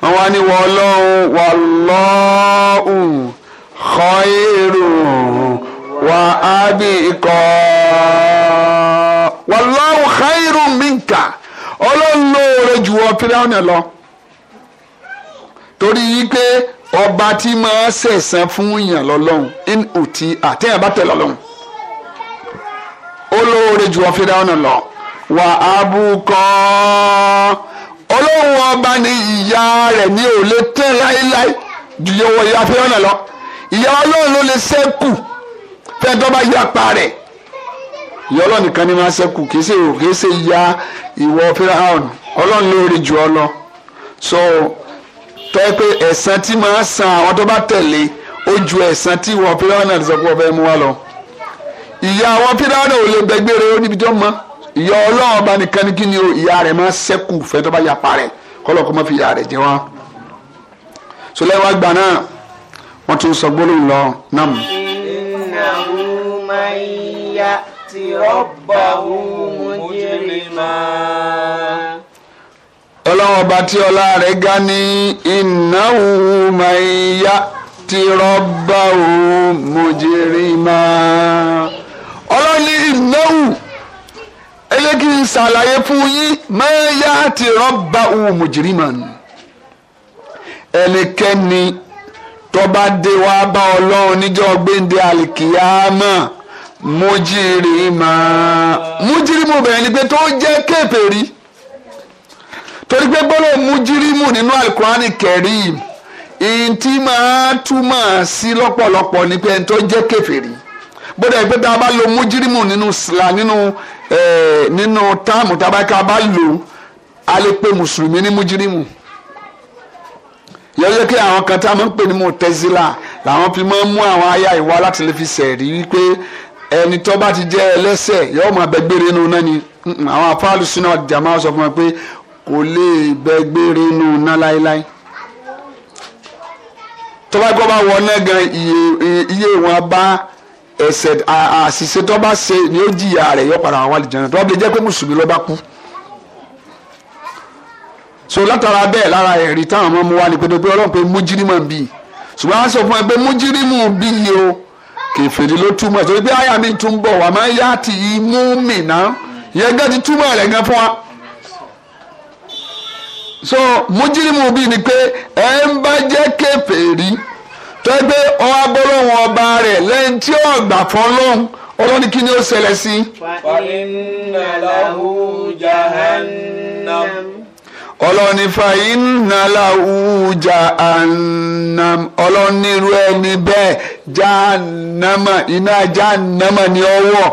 wọn wá ní wọlọ́hún wọlọ́hún kọ́ èrò wà á bí ikọ̀ wọlọ́hún kọ́ èrò mìǹkà ọlọ́run lóore jù ọ fíráúnà lọ torí wípé ọba tí máa ṣẹ̀san fún yàn lọ́lọ́run in òtí àtẹ̀yìn bá tẹ̀ lọ́lọ́run olóore jù ọ fíráúnà lọ wà á bú kọ́ ọlọ́run ọba ni ìyá rẹ̀ ní ò lè tán láéláé jù yọwọ́ ìyá fíráúnà lọ ìyá ọlọ́run ló lè ṣẹ́kù fẹ́ẹ́ tó bá yapa rẹ̀ ìyá ọlọ́run nìkan ni máa ṣẹ́kù kì í ṣe kì í ṣe ya ìwọ firaun ọlọ́run lóore jù ọ lọ so tọ́ pé ẹ̀san tí máa san àwọn tó bá tẹ̀lé ó ju ẹ̀san tí ìwọ firaun náà sọ pé ọbẹ̀ mú wa lọ ìyá àwọn firaun ò lè gbẹgbére ó níbi tó mọ ìyá ọlọ́run ọba nìkan ni kí ni o ìyá rẹ̀ máa ṣẹ́kù fẹ́ tó bá yapa rẹ̀ kọ́lọ́kọ́ má fi ìyá rẹ̀ jẹ wá so lẹ́yìn wá gbà náà wọ́n tún يأتي ọba tí ọlá rẹ̀ ga ní ìnáwó mẹ́yà tí rọ́bà ò mọ̀jẹ̀rìmà. ọlọ́run ní ìnáwó ẹyẹ kí n ṣàlàyé fún yín mẹ́yà tí rọ́bà ò mọ̀jẹ̀rìmà. ẹnikẹ́ni tó bá dé wá bá ọlọ́run níjọ́ gbéǹde mujirima mujirimu bẹ̀rẹ̀ ni pé tó jẹ́ kèfèrí torí pé gbọ́dọ̀ mujirimu nínú alukurani kẹrim ìyìn tí máa túmọ̀ sí lọ́pọ̀lọpọ̀ ni pé ẹni tó jẹ́ kèfèrí gbọ́dọ̀ ẹgbẹ́ tá a bá lo mujirimu nínú sla nínú nínú táàmù tá a bá lo a lè pe mùsùlùmí ní mujirimu yẹ́yẹ́ kí àwọn kan tá a máa ń pè ní mọ̀tẹ́zílà làwọn fi máa ń mú àwọn aya ìwá láti lè fi sẹ̀rí wípé ẹni tó bá ti jẹ́ ẹlẹ́ṣẹ̀ yóò máa bẹ gbére inú náà ni àwọn afáàlù sínú ọjà máa sọ fún wa pé kò lè bẹ gbére inú náà láéláé tó bá gbọ́ bá wọ náà gan iye wọn bá ẹ̀ṣẹ̀ àṣìṣe tó bá ṣe ni ó jìyà rẹ̀ yọ padà àwọn àlìjẹun tó bá lè jẹ́ pé mùsùlùmí ló bá kú so látara bẹ́ẹ̀ lára ẹ̀rí táwọn ọmọ mu wá ni pé pé ọlọ́run pé mújírímù bíi ṣùgbọ́n a sọ fún ẹ pé mújírímù bíi o. So, kèfèrí ló túmọ̀ torí pé àyà mi tún bọ̀ wà máa yá ti yí mú mi náà yẹn gán ti túmọ̀ rẹ̀ gan fún wa. so mujirimu bíi ni pé ẹ ń bá jẹ́ kèfèrí tó pé ọwọ́ abọ́lọ́hún ọba rẹ̀ lẹ́yìn tí ó gbà fún ọlọ́hún ọlọ́ni kí ni ó ṣẹlẹ̀ sí. fa inna lahu jahannam ọlọ́ni fàyínà làwùjà ànàm ọlọ́nirú ẹni bẹ́ẹ̀ jáànámà iná jáànámà ni ọwọ́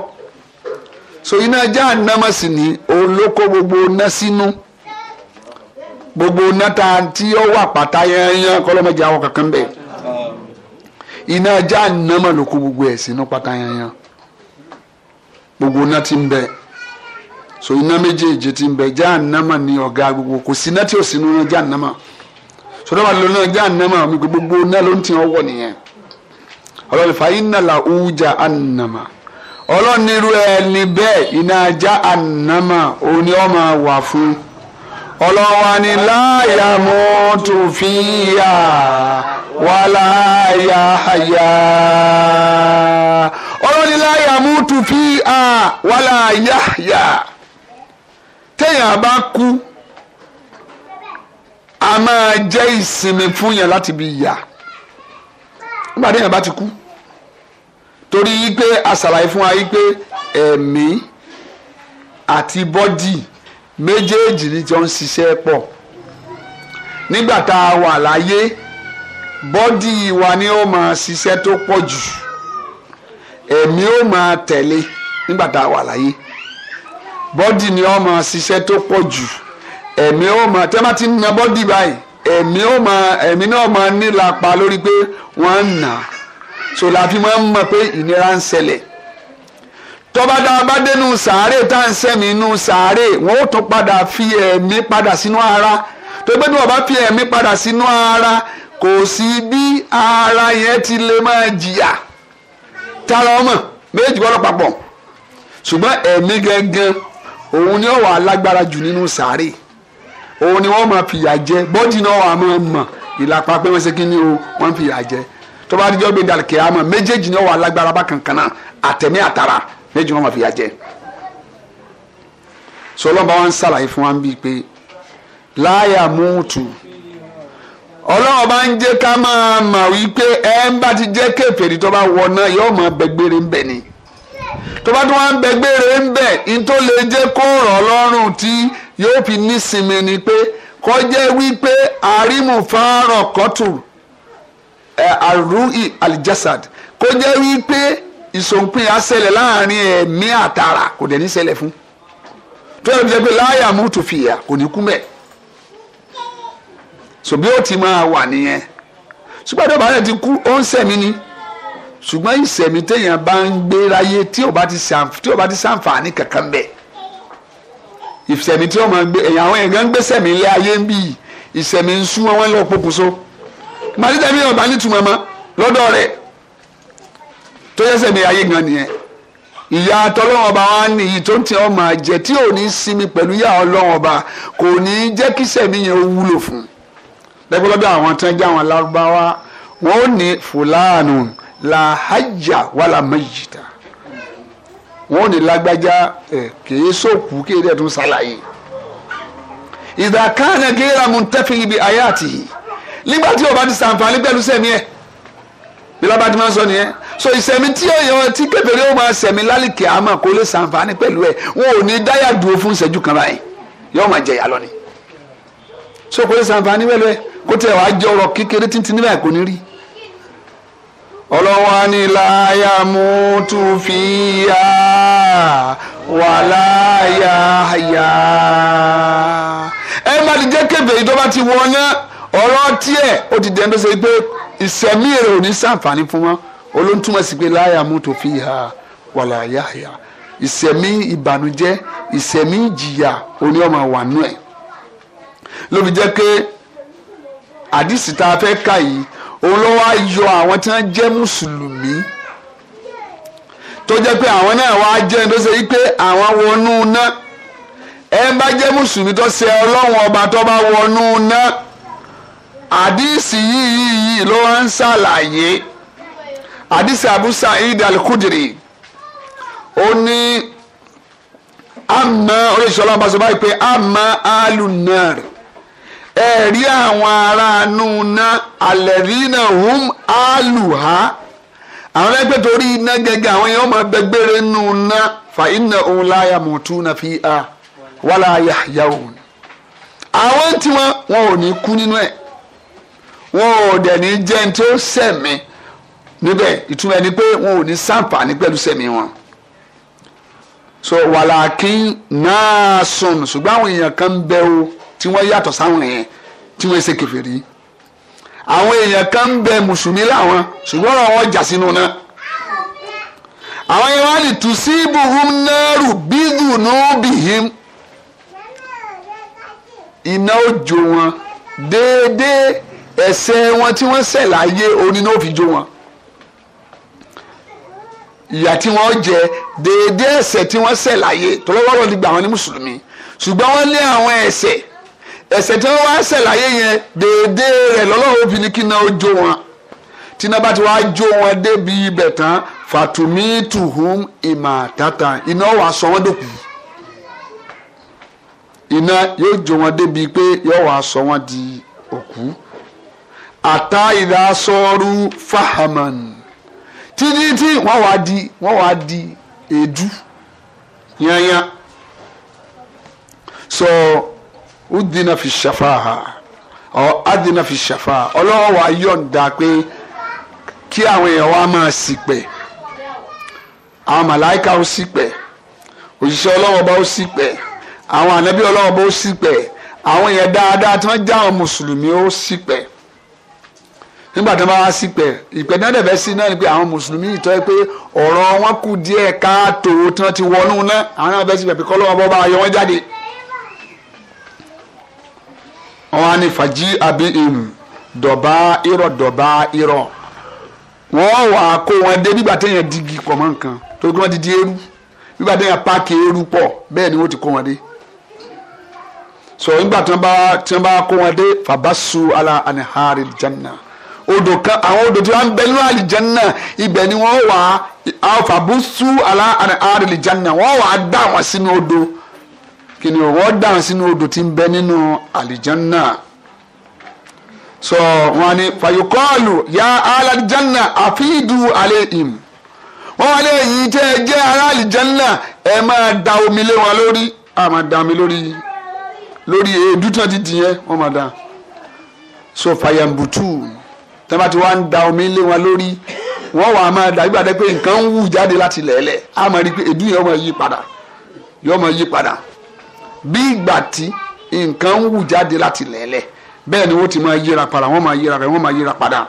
so iná jáànámà sì ní olóko gbogbo ná sínú gbogbo ná ta tí ó wà pàtà yẹnyẹn kọlọ́mọdé àwọn kankan bẹ́ẹ̀ iná jáànámà ló kó gbogbo ẹ̀ sínú pàtà yẹnyẹn gbogbo ná ti ń bẹ́ẹ̀ so iná méjèèjì ti ń bẹ jahannama ni ọ̀gá gbogbo kò sí iná tí ò sí nínú jahannama so dábàá lọ náà jahannama mi gbogbo náà ló ń tiẹ̀ wọ̀ nìyẹn ọlọ́run fa iná la ujà ànàmà ọlọ́run nírú ẹni bẹ́ẹ̀ iná ajá ànàmà òun ni wọ́n máa wà fún ọlọ́wà ni láàyà mọ́tò fi yà wà láàyà àyà ọlọ́run ni láàyà àyà téèyàn bá kú a máa jẹ́ ìsinmi fún yẹn láti bí yà nígbà téèyàn bá ti kú torí pé a ṣàlàyé fún wa yìí pé ẹ̀mí àti bọ́dì méjèèjì ni jọ ń ṣiṣẹ́ pọ̀ nígbà tá a wà láyé bọ́dì wa ni ó máa ṣiṣẹ́ tó pọ̀ jù ẹ̀mí ó máa tẹ̀lé nígbà tá a wà láyé bọ́dì ni ó máa ṣiṣẹ́ tó pọ̀ jù ẹ̀mí ó máa tẹ́ bá ti na bọ́dì báyìí ẹ̀mí ó máa ẹ̀mí náà máa nílapa lórí pé wọ́n ń nà so làfi máa ń mọ̀ pé ìnira ń ṣẹlẹ̀ tọ́bádá bá dénú sàárè tá à ń sẹ́mi inú sàárè wọ́n ó tún padà fi ẹ̀mí padà sínú ara tó gbé bí wọ́n bá fi ẹ̀mí padà sínú ara kò sí bí ara yẹn ti lè máa jìyà tára ọmọ méjì gbọ́dọ̀ papọ̀ ṣùgbọ́n ẹ̀mí gangan òun ni ó wà lágbára jù nínú sàárè òun ni wọ́n máa fìyà jẹ bọ́dì náà wà máa mọ̀ ìlàpá pé wọ́n ṣe kí ni o wọ́n fìyà jẹ tó bá dijọ́ gbé dàlùkì àmọ́ méjèèjì ni ó wà bá kankan náà àtẹ̀mí àtàrà méjì wọ́n máa fìyà jẹ. sọlọ́ba wa ń ṣàlàyé fún wa ń bí pé láyà múùtù ọlọ́run bá ń jẹ́ ká máa mà wípé ẹ̀ ń bá ti jẹ́ kéferì tó bá wọ náà yóò máa bẹ gbére ń bẹ ni. tó bá tún wá ń bẹ gbére ń bẹ tó lè tí yóò fi nísinmi ni pé kó wípé àrímùfáàrọ̀ kọ́tù àrùí kọje kó jẹ́ wípé ìsòǹpin àṣẹlẹ̀ láàrin ẹ̀mí àtàrà kò dẹ̀ ní fún tó yẹ kó jẹ́ pé láyà fìyà kò ní kú ti máa wà nìyẹn ṣùgbọ́n ti kú ó ń ṣùgbọ́n ìsẹ̀mí téèyàn bá ń gbé láyé tí ò bá ti ṣàǹfààní kankan bẹ̀ ìsẹ̀mí tí ó máa gbé èyàn àwọn èèyàn ń gbé sẹ̀mí ilé ayé ń bì ìsẹ̀mí ń sún wọn lọ pokùnso màdídà mi ò bá nítumọ̀ mọ́ lọ́dọ̀ rẹ̀ tó yẹ sẹ̀mí ayé gan nìyẹn ìyá atọ́lọ́wọ́n ọba wa ní iyì tó ń tiẹ̀ ọmọ àjẹ tí ò ní sinmi pẹ̀lú ìyá ọlọ́wọ́n ọba kò ní la hajja wala mayita wọn ò ní lágbájá ẹ kìí sóòkù kìí dẹ̀ tún ṣàlàyé ìdàkánà gẹ́gẹ́ mu tẹ́fì ibi ayé àti yìí nígbà tí o bá ti sàǹfààní pẹ̀lú sẹ̀mí ẹ̀ bí lábàá ti máa ń sọ nìyẹn so ìsẹ̀mí tí èèyàn ti kékeré ó máa sẹ̀mí lálìkè àmọ́ kó lè sàǹfààní pẹ̀lú ẹ̀ wọn ò ní dáyà dúró fún ìṣẹ́jú kan báyìí yóò máa jẹ̀yà lọ ni so kó lè sàǹfààní pẹ̀lú ẹ̀ kó tẹ̀ wá jọrọ̀ kékeré títí níbẹ̀ kò ní rí ọlọ́wọ́n ni láyà mú tù fi yá wà láyà yá. ẹ má ti jẹ́ kébèrè tó bá ti wọ náà ọ̀rọ̀ tiẹ̀ ó ti dẹ́nu ṣe pé ìsẹ̀mí rẹ̀ ò ní sàǹfààní fún wọn olóńtúmọ̀ sí pé láyà mú tù fi yá wà láyà yá ìsẹ̀mí ìbànújẹ́ ìsẹ̀mí ìjìyà oní ọmọ wà nù ẹ̀ ló fi jẹ́ pé àdìsí tá a fẹ́ kà yìí òun ló wá yọ àwọn tí wọ́n jẹ́ mùsùlùmí tó jẹ́ pé àwọn náà wá jẹ́ ẹni tó ṣe wípé àwọn wọnú ná ẹ bá jẹ́ mùsùlùmí tó ṣe ọlọ́run ọba tó bá wọnú ná àdìsí yìí yìí yìí ló wá ń ṣàlàyé àdìsí Abu Sa'id al ó ní àmọ́ oríṣiríṣi ọlọ́run bá sọ báyìí pé àmọ́ alùnàrì. ẹ rí àwọn aráàánú iná na hum alu àwọn ẹgbẹ́ torí iná gẹ́gẹ́ àwọn yẹn wọ́n máa gbẹgbẹ́rẹ́ nù iná fa iná òun láyà mọ̀tú na fi ha wàlá ayà yà òun. àwọn tí wọn wọn ò ní kú nínú ẹ wọn ò dẹ̀ ní jẹ́ ní tí ó sẹ̀mí níbẹ̀ ìtumọ̀ ẹni pé wọn ò ní sàǹfààní pẹ̀lú sẹ̀mí wọn so wàlàkín náà sùn ṣùgbọ́n àwọn èèyàn kan ń bẹ o. tí wọ́n yàtọ̀ sáwọn yẹn tí wọ́n ṣe kèfèrí àwọn èèyàn kan ń bẹ mùsùlùmí láwọn ṣùgbọ́n ọ̀rọ̀ wọn jà sínú náà àwọn yẹn wọ́n lè tù sí ibùhún náírù bídùnú bìhím iná òjò wọn déédéé ẹ̀ṣẹ̀ wọn tí wọ́n ṣẹ̀ láyé oníná òfìjó wọn ìyà tí wọ́n jẹ déédéé ẹ̀ṣẹ̀ tí wọ́n ṣẹ̀ láyé tọ́lọ́wọ́rọ́ ti gbà wọn ní mùsùlùmí ṣùgbọ́n wọ́n lé àwọn ẹ̀ṣẹ̀ ẹ̀ṣẹ̀ tí wọ́n wá ṣẹ̀ láyé yẹn déédéé rẹ̀ lọ́lọ́run òfin ni kí náà ó jó wọn tí náà bá ti wá jó wọn débi ibẹ̀ tán fàtúmí tùhún ìmà tata iná wàá sọ wọ́n dòkú iná yóò jó wọn débi pé yóò wàá sọ wọ́n di òkú àtà ìdásọ́rú fahaman títí tí wọ́n wàá di wọ́n wàá di èédú yányá so udina fi ṣàfàhà ọ adina fi ṣàfàhà ọlọ́wọ́ wa yọ̀ǹda pé kí àwọn èèyàn wa máa ṣìpẹ̀ àwọn màláìka ó ṣìpẹ̀ òṣìṣẹ́ ọlọ́wọ́ bá ó ṣìpẹ̀ àwọn ànábì ọlọ́wọ́ bá ó ṣìpẹ̀ àwọn èèyàn dáadáa tí wọ́n já àwọn mùsùlùmí ó ṣìpẹ̀ nígbà tí wọ́n bá wá ṣìpẹ̀ ìpẹ́ náà dẹ̀ fẹ́ sí náà ni pé àwọn mùsùlùmí ìtọ́ ẹ pé ọ̀rọ̀ wọn kù díẹ̀ káàtó tí wọ́n ti wọnú náà àwọn náà fẹ́ ṣìpẹ̀ pé kọ́ wọn á ní fàájì àbí ìhùn dọ̀bá irọ́ dọ̀bá irọ́ wọ́n wà kó wọn dé nígbà téèyàn digi pọ̀ mọ́ nǹkan torí pé wọ́n ti di eru nígbà téèyàn páàkì eru pọ̀ bẹ́ẹ̀ ni wọ́n ti kó wọn dé so nígbà tí wọ́n bá tí wọ́n bá kó wọn dé fabasu ala anihari janna odò kan àwọn odò tí wọ́n bẹ nínú alijanna ibẹ̀ ni wọ́n wà á fabusu ala anihari janna wọ́n wà á dá wọn sínú odò kíni o wọ́n dàn sínú odò tí ń bẹ nínú àlìjánná sọ wọn ni fàyọkọ́ọ̀lù ya alàlìjánná àfihìdù alẹ́ im wọn wà lẹ́yìn tẹ́ ẹ jẹ́ ará àlìjánná ẹ máa da omi lé wọn lórí a máa da omi lórí lórí èédú tí wọn ti dìyẹn wọn máa da so fàyàmbùtù tí wọn bá ti wá ń da omi lé wọn lórí wọn wà á máa dà gbàdé pé nǹkan ń wù jáde láti lẹ̀ẹ́lẹ̀ á máa rí i pé èédú yẹn wọn yí padà yọ máa yí padà bí ìgbà tí nǹkan ń wù jáde láti lẹ̀ẹ́lẹ̀ bẹ́ẹ̀ ni wọ́n ti máa yíra padà wọ́n máa yíra padà wọ́n máa yíra padà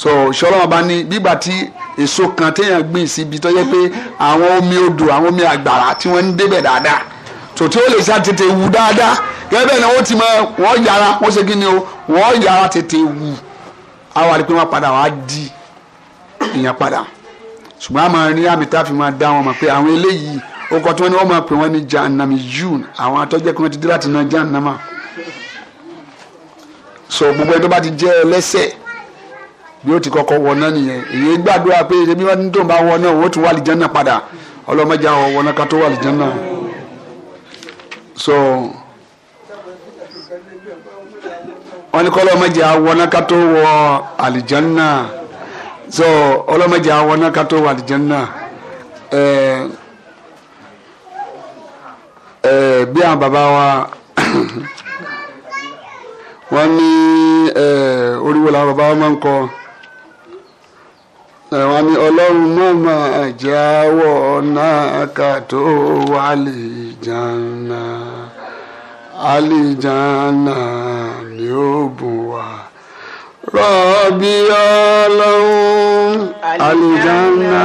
so sọlọ́wọ́n bá ní bígbà tí èso kan téèyàn gbìn síbi tó yẹ pé àwọn omi odò àwọn omi àgbàrá tí wọ́n ń débẹ̀ dáadáa tò tí ó lè ṣá tètè wù dáadáa gẹ́gẹ́ bẹ́ẹ̀ ni wọ́n ti mọ wọ́n yára wọ́n ṣe kí ni o wọ́n yára tètè wù àwọn àdìpín wọn padà wá di ìyẹn padà ṣùgbọ́n a máa àmì tá a fi máa dá wọn mọ̀ pé àwọn eléyìí orúkọ tí wọ́n ní wọ́n máa pè wọ́n ní jahannami yun àwọn atọ́jẹ́ kí ti dé láti iná jahannama so gbogbo ẹni tó bá ti jẹ́ ẹlẹ́sẹ̀ bí ó ti kọ́kọ́ wọ náà nìyẹn èyí gbàdúrà pé ebi wọn tó ń bá wọ náà wọ́n ti wà lìjánná padà ọlọ́mọdé àwọn náà ká tó wà lìjánná so wọ́n ní kọ́ ọlọ́mọdé àwọn náà ká tó wọ àlìjánná so ọlọ́mọdé àwọn náà ká tó wọ àlìjánná ẹ̀ẹ́ ẹ eh, bí àwọn bàbá wa wọ́n ní ẹ eh, oríwo làwọn bàbá wa máa ń kọ eh, wọ́n ní ọlọ́run náà máa jáwọ́ náà ká tó wà lè jàǹnà àlìjàǹnà ni ó bùn wá rọ́ọ̀bì ọlọ́run àlìjàǹnà.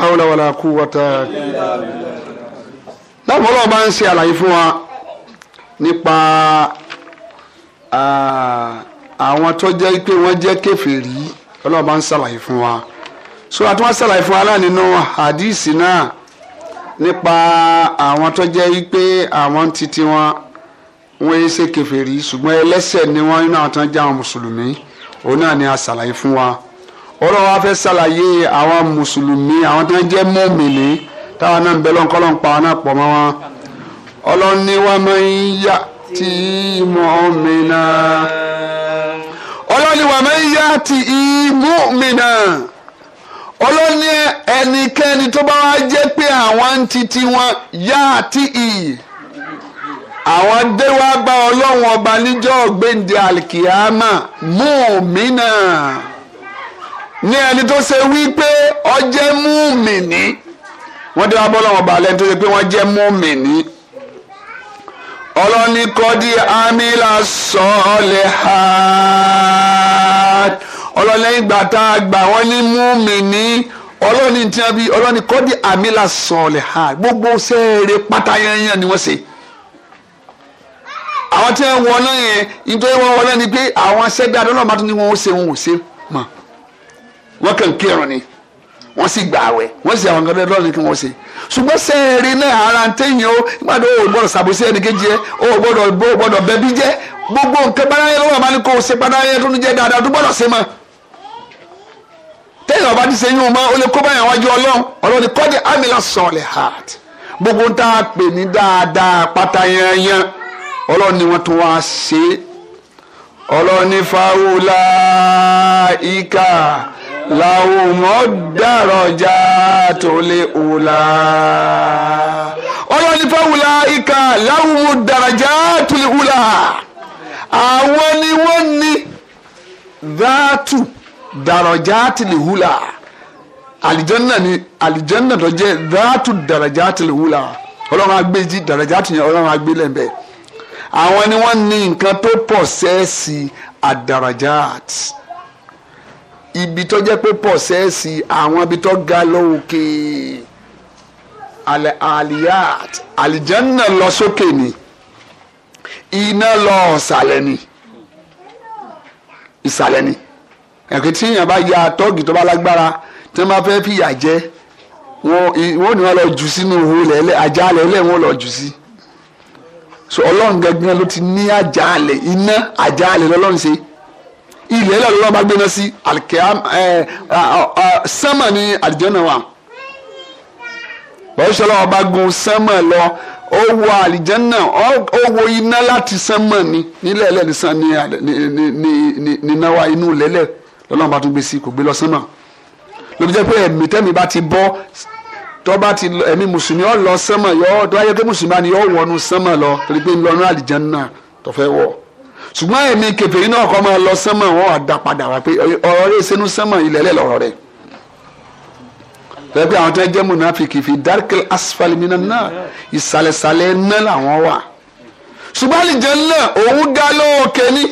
hawla wala quwwata. dáàbò ọlọ́wọ́ bá ń ṣe àlàyé fún wa nípa àwọn tó jẹ́ pé wọ́n jẹ́ kèfèrí ọlọ́wọ́ bá ń ṣàlàyé fún wa so àti wọ́n ṣàlàyé fún wa náà nínú hadisi náà nípa àwọn tó jẹ́ pé àwọn titi wọn wọ́n yé ṣe kèfèrí ṣùgbọ́n ẹlẹ́ṣẹ̀ ni wọ́n nínú àwọn jẹ́ àwọn mùsùlùmí òun náà ni a ṣàlàyé fún wa. ọlọ́run wa fẹ́ ṣàlàyé àwọn mùsùlùmí àwọn tó ń jẹ́ mọ́mìnì táwọn náà ń bẹ lọ́nkọ́ lọ́n pa náà pọ̀ mọ́ wọn ọlọ́run ní máa ń yá tí mọ́mìnà ọlọ́run ní wọ́n máa ń yá tí mọ́mìnà ọlọ́run ní ẹnikẹ́ni tó bá wá jẹ́ pé àwọn ń titi wọn yá ì àwọn ní ẹni tó ṣe wípé ó jẹ́ múmìnì wọ́n dé wá bọ́ lọ́wọ́ balẹ̀ tó ṣe pé wọ́n jẹ́ múmìnì ọlọ́ni kọ́dí amílà sọ́ọ̀lẹ̀ ha ọlọ́lẹ́yìn ìgbà tá a gbà wọ́n ní múmìnì ọlọ́ni tí wọ́n bí ọlọ́ni kọ́dí amílà sọ́ọ̀lẹ̀ ha gbogbo sẹ́ẹ̀rẹ̀ pátá yẹn ni wọ́n ṣe àwọn tí wọ́n wọ náà yẹn nítorí wọ́n wọlé ni pé àwọn sẹ́gbẹ́ adọ́nà bá tún ní wọ́n ó ṣe wọn ò ṣe mọ́ wọ́n kàn kírun ni wọ́n sì gbà àwẹ̀ wọ́n sì àwọn nǹkan bẹ́ẹ̀ lọ́ọ̀ni kí wọ́n ṣe ṣùgbọ́n sẹ́ẹ̀rì náà ara ń tẹ̀yìn o gbọ́dọ̀ o gbọ́dọ̀ ṣàbòsí ẹni kejì ẹ o gbọ́dọ̀ bó o gbọ́dọ̀ bẹbí jẹ́ gbogbo nǹkan bá yẹn lọ́wọ́ àmàlí kò ṣe padà yẹn tó ń jẹ́ dáadáa tó gbọ́dọ̀ ṣe mọ́ tẹ́yìn ọba ti ṣe yín o mọ́ o lè kó báyà wájú ọlọ́run ọlọ́run ni kọ́dé amílà sọ̀lẹ̀ heart gbogbo tá a pè ní dáadáa pátá yẹn yẹn ọlọ́run ni wọ́n tún wá ṣe ọlọ́run ni fáwọlá ìkà làwùmọ́ dàrọ̀jà tó lè wùlà. ọlọ́ni fáwùlà ìka làwùmọ́ dàrọ̀jà tó lè wùlà. àwọn ni wọ́n ní dàtú dàrọ̀jà tó lè wùlà. àlìjẹ́nà ni àlìjẹ́nà tó jẹ́ dàtú dàrọ̀jà tó lè wùlà. ọlọ́run agbèjì dàrọ̀jà tó yẹn ọlọ́run agbélẹ̀bẹ̀. àwọn ni wọ́n ní nǹkan tó pọ̀ sẹ́ẹ̀sì àdàrọ̀jà tó ibi tó jẹ́ pé pọ̀sẹ́ẹ̀sì àwọn ibi tó ga lóòkè aliyat alijanna lọ sókè ni iná lọ ọ̀sàlẹ̀ ni ìsàlẹ̀ ni ẹ̀kẹ́ tí èèyàn bá ya tọ́ọ̀gì tó bá lágbára tí wọ́n bá fẹ́ fìyà jẹ wọ́n ní wọ́n lọ jù sínú ihò lẹ́lẹ́ àjálẹ̀ lẹ́yìn wọ́n lọ jù sí so ọlọ́run gẹ́gẹ́ ló ti ní àjálẹ̀ iná àjálẹ̀ lọ́lọ́run ṣe ilẹ̀ ẹlẹ́rọ lọ́ba gbéná sí alikẹ́yàm ẹ sẹ́mà ní àlìjẹ́nà wa bọ́ọ̀ sọ́lá ọba gun sẹ́mà lọ ó wọ àlìjẹ́nà ó wọ iná láti sẹ́mà ní nílẹ̀ ẹlẹ́ ní sàn ní níná wa inú lẹ́lẹ̀ lọ́nà ọba tó gbé sí kò gbé lọ sẹ́mà lóbi jẹ́ pé ẹ̀mí tẹ́mi bá ti bọ́ tọ́ba ti ẹ̀mí mùsùlùmí ọ̀ lọ sẹ́mà yọ ọ́ tó ayé pé mùsùlùmí ni yọ wọnú sẹ́mà lọ torí pé ńlọrọ̀ àlìjẹ́nà tó fẹ́ wọ̀ ṣùgbọ́n èmi kèfèrí náà kọ́ máa lọ sánmọ̀ wọn wà dá padà wá pé ọ̀rọ̀ rẹ̀ sínú sánmọ̀ ilẹ̀ lẹ̀ lọ́rọ̀ rẹ̀ lẹ́gbẹ́ àwọn tó ń jẹ́ mùnàfíkì fi dárkìl asfali mi náà ìsàlẹ̀sàlẹ̀ náà làwọn wà ṣùgbọ́n àlìjánnà òun ga lóòkè ni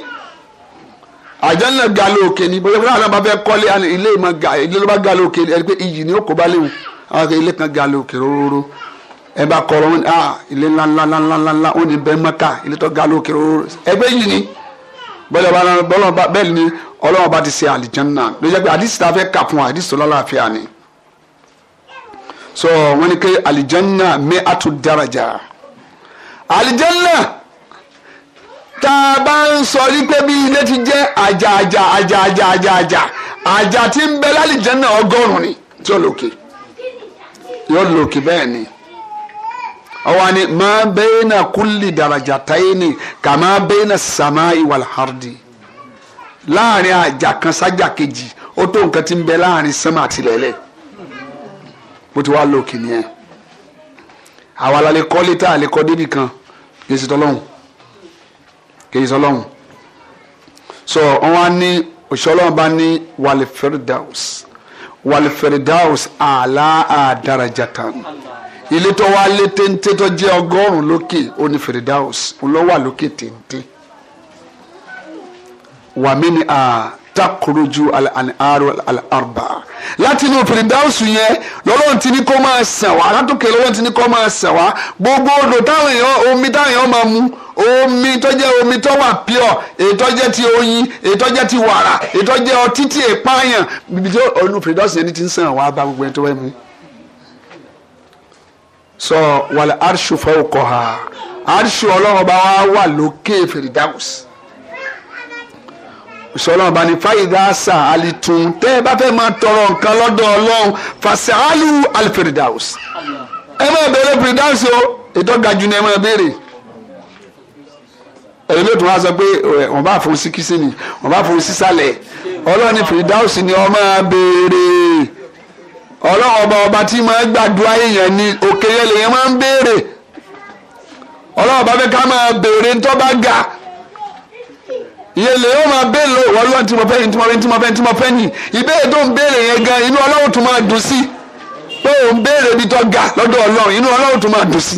àlìjánnà ga lóòkè ni bóyá fúnra bá fẹ́ kọ́lé ilé ìmọ̀ ga ilé ló bá ga lóòkè ni ẹni pé iyì ni ó kó bá léwu ẹ bá kọ́ ọ́n a ah, ilé ńlá ńlá ńlá ńlá ńlá ó ní bẹ́ẹ̀ mọ́ta ilé tó ga lókè róró ẹgbẹ́ yìí ni bẹ́ẹ̀ ni ọlọ́run bá ti ṣe àlìjánná ló jẹ́ pé àdìsí ta fẹ́ kà fún wa àdìsí tọ́lá àfíà ni so wọ́n ní pé àlìjánná mi àtú dárajà àlìjánná tá a bá ń sọ rí pé bí ilé ti jẹ́ àjà àjà àjà àjà àjà àjà àjà tí ń bẹ lálìjánná ọgọ́rùn-ún ni tí ó lòkè yóò lòkè bẹ́ẹ̀ ni. Awani ma máa bẹ́ẹ̀ na kama dàrájà samai ni kà máa bẹ́ẹ̀ na sàmá ìwàlẹ̀ hàrúdì láàrin àjà kan sájà kejì ó tó nǹkan tí ń bẹ láàrin sánmà àti lẹ́lẹ̀ bó ti wá lókè nìyẹn àwa la lè kọ́ létà lè kọ́ débì kan kì í ṣe tọ́lọ́hún so wọn wá ní òṣìṣẹ́ ọlọ́run bá ní wàlẹ̀ fẹ́rẹ̀dáùs wàlẹ̀ fẹ́rẹ̀dáùs àlá àdàrájà ilé tó wá lé téńté tó jẹ́ ọgọ́rùn-ún lókè oní fèrèdáùs lókè téńté wàmí ni a takuruju al-anharu al-arba láti inú fèrèdáùs yẹn lọ́lọ́run ti ní kó máa sàn wá látòkè lọ́lọ́run ti ní kó máa sàn wá gbogbo odò táwọn èèyàn omi táwọn èèyàn máa mu omi tó jẹ́ omi tó wà pure èyí tó jẹ́ ti oyin èyí tó jẹ́ ti wàrà èyí tó jẹ́ ọtí tí èèpáyàn ibi tó onú fèrèdáùs yẹn ti ń sàn wá bá gbogbo ẹni tó wẹ́ mu sọ wàlẹ̀ arṣu fawqa ha arṣu ọlọ́run bá wà lókè fèrèdáwùs ìṣọlọ́run bá ní fáyidá sà àlìtún tẹ́ ẹ bá fẹ́ máa tọrọ nǹkan lọ́dọ̀ ọlọ́run fàṣàlù àlìfèrèdáwùs ẹ máa béèrè fèrèdáwùs o ìdọ́gàjú ni ẹ máa béèrè ẹ̀rọ ló tún wá sọ pé wọ́n bá fún síkísí ni wọ́n bá fún sísàlẹ̀ ọlọ́run ní fèrèdáwùs ni ọ máa béèrè ọlọ́run ọba ọba tí máa gbàdúrà èèyàn ni òkè yẹn lèèyàn máa ń béèrè ọlọ́run ọba fẹ́ ká máa béèrè ńtọ́ bá ga ìyẹn lèèyàn máa béèrè lọ́wọ́ ọlọ́run tí mo fẹ́ tí mo fẹ́ tí mo fẹ́ tí mo fẹ́ nì ìbéèrè tó ń béèrè yẹn gan inú ọlọ́run tó máa dùn sí pé òun béèrè ibi tó ga lọ́dọ̀ ọlọ́run inú ọlọ́run tó máa dùn sí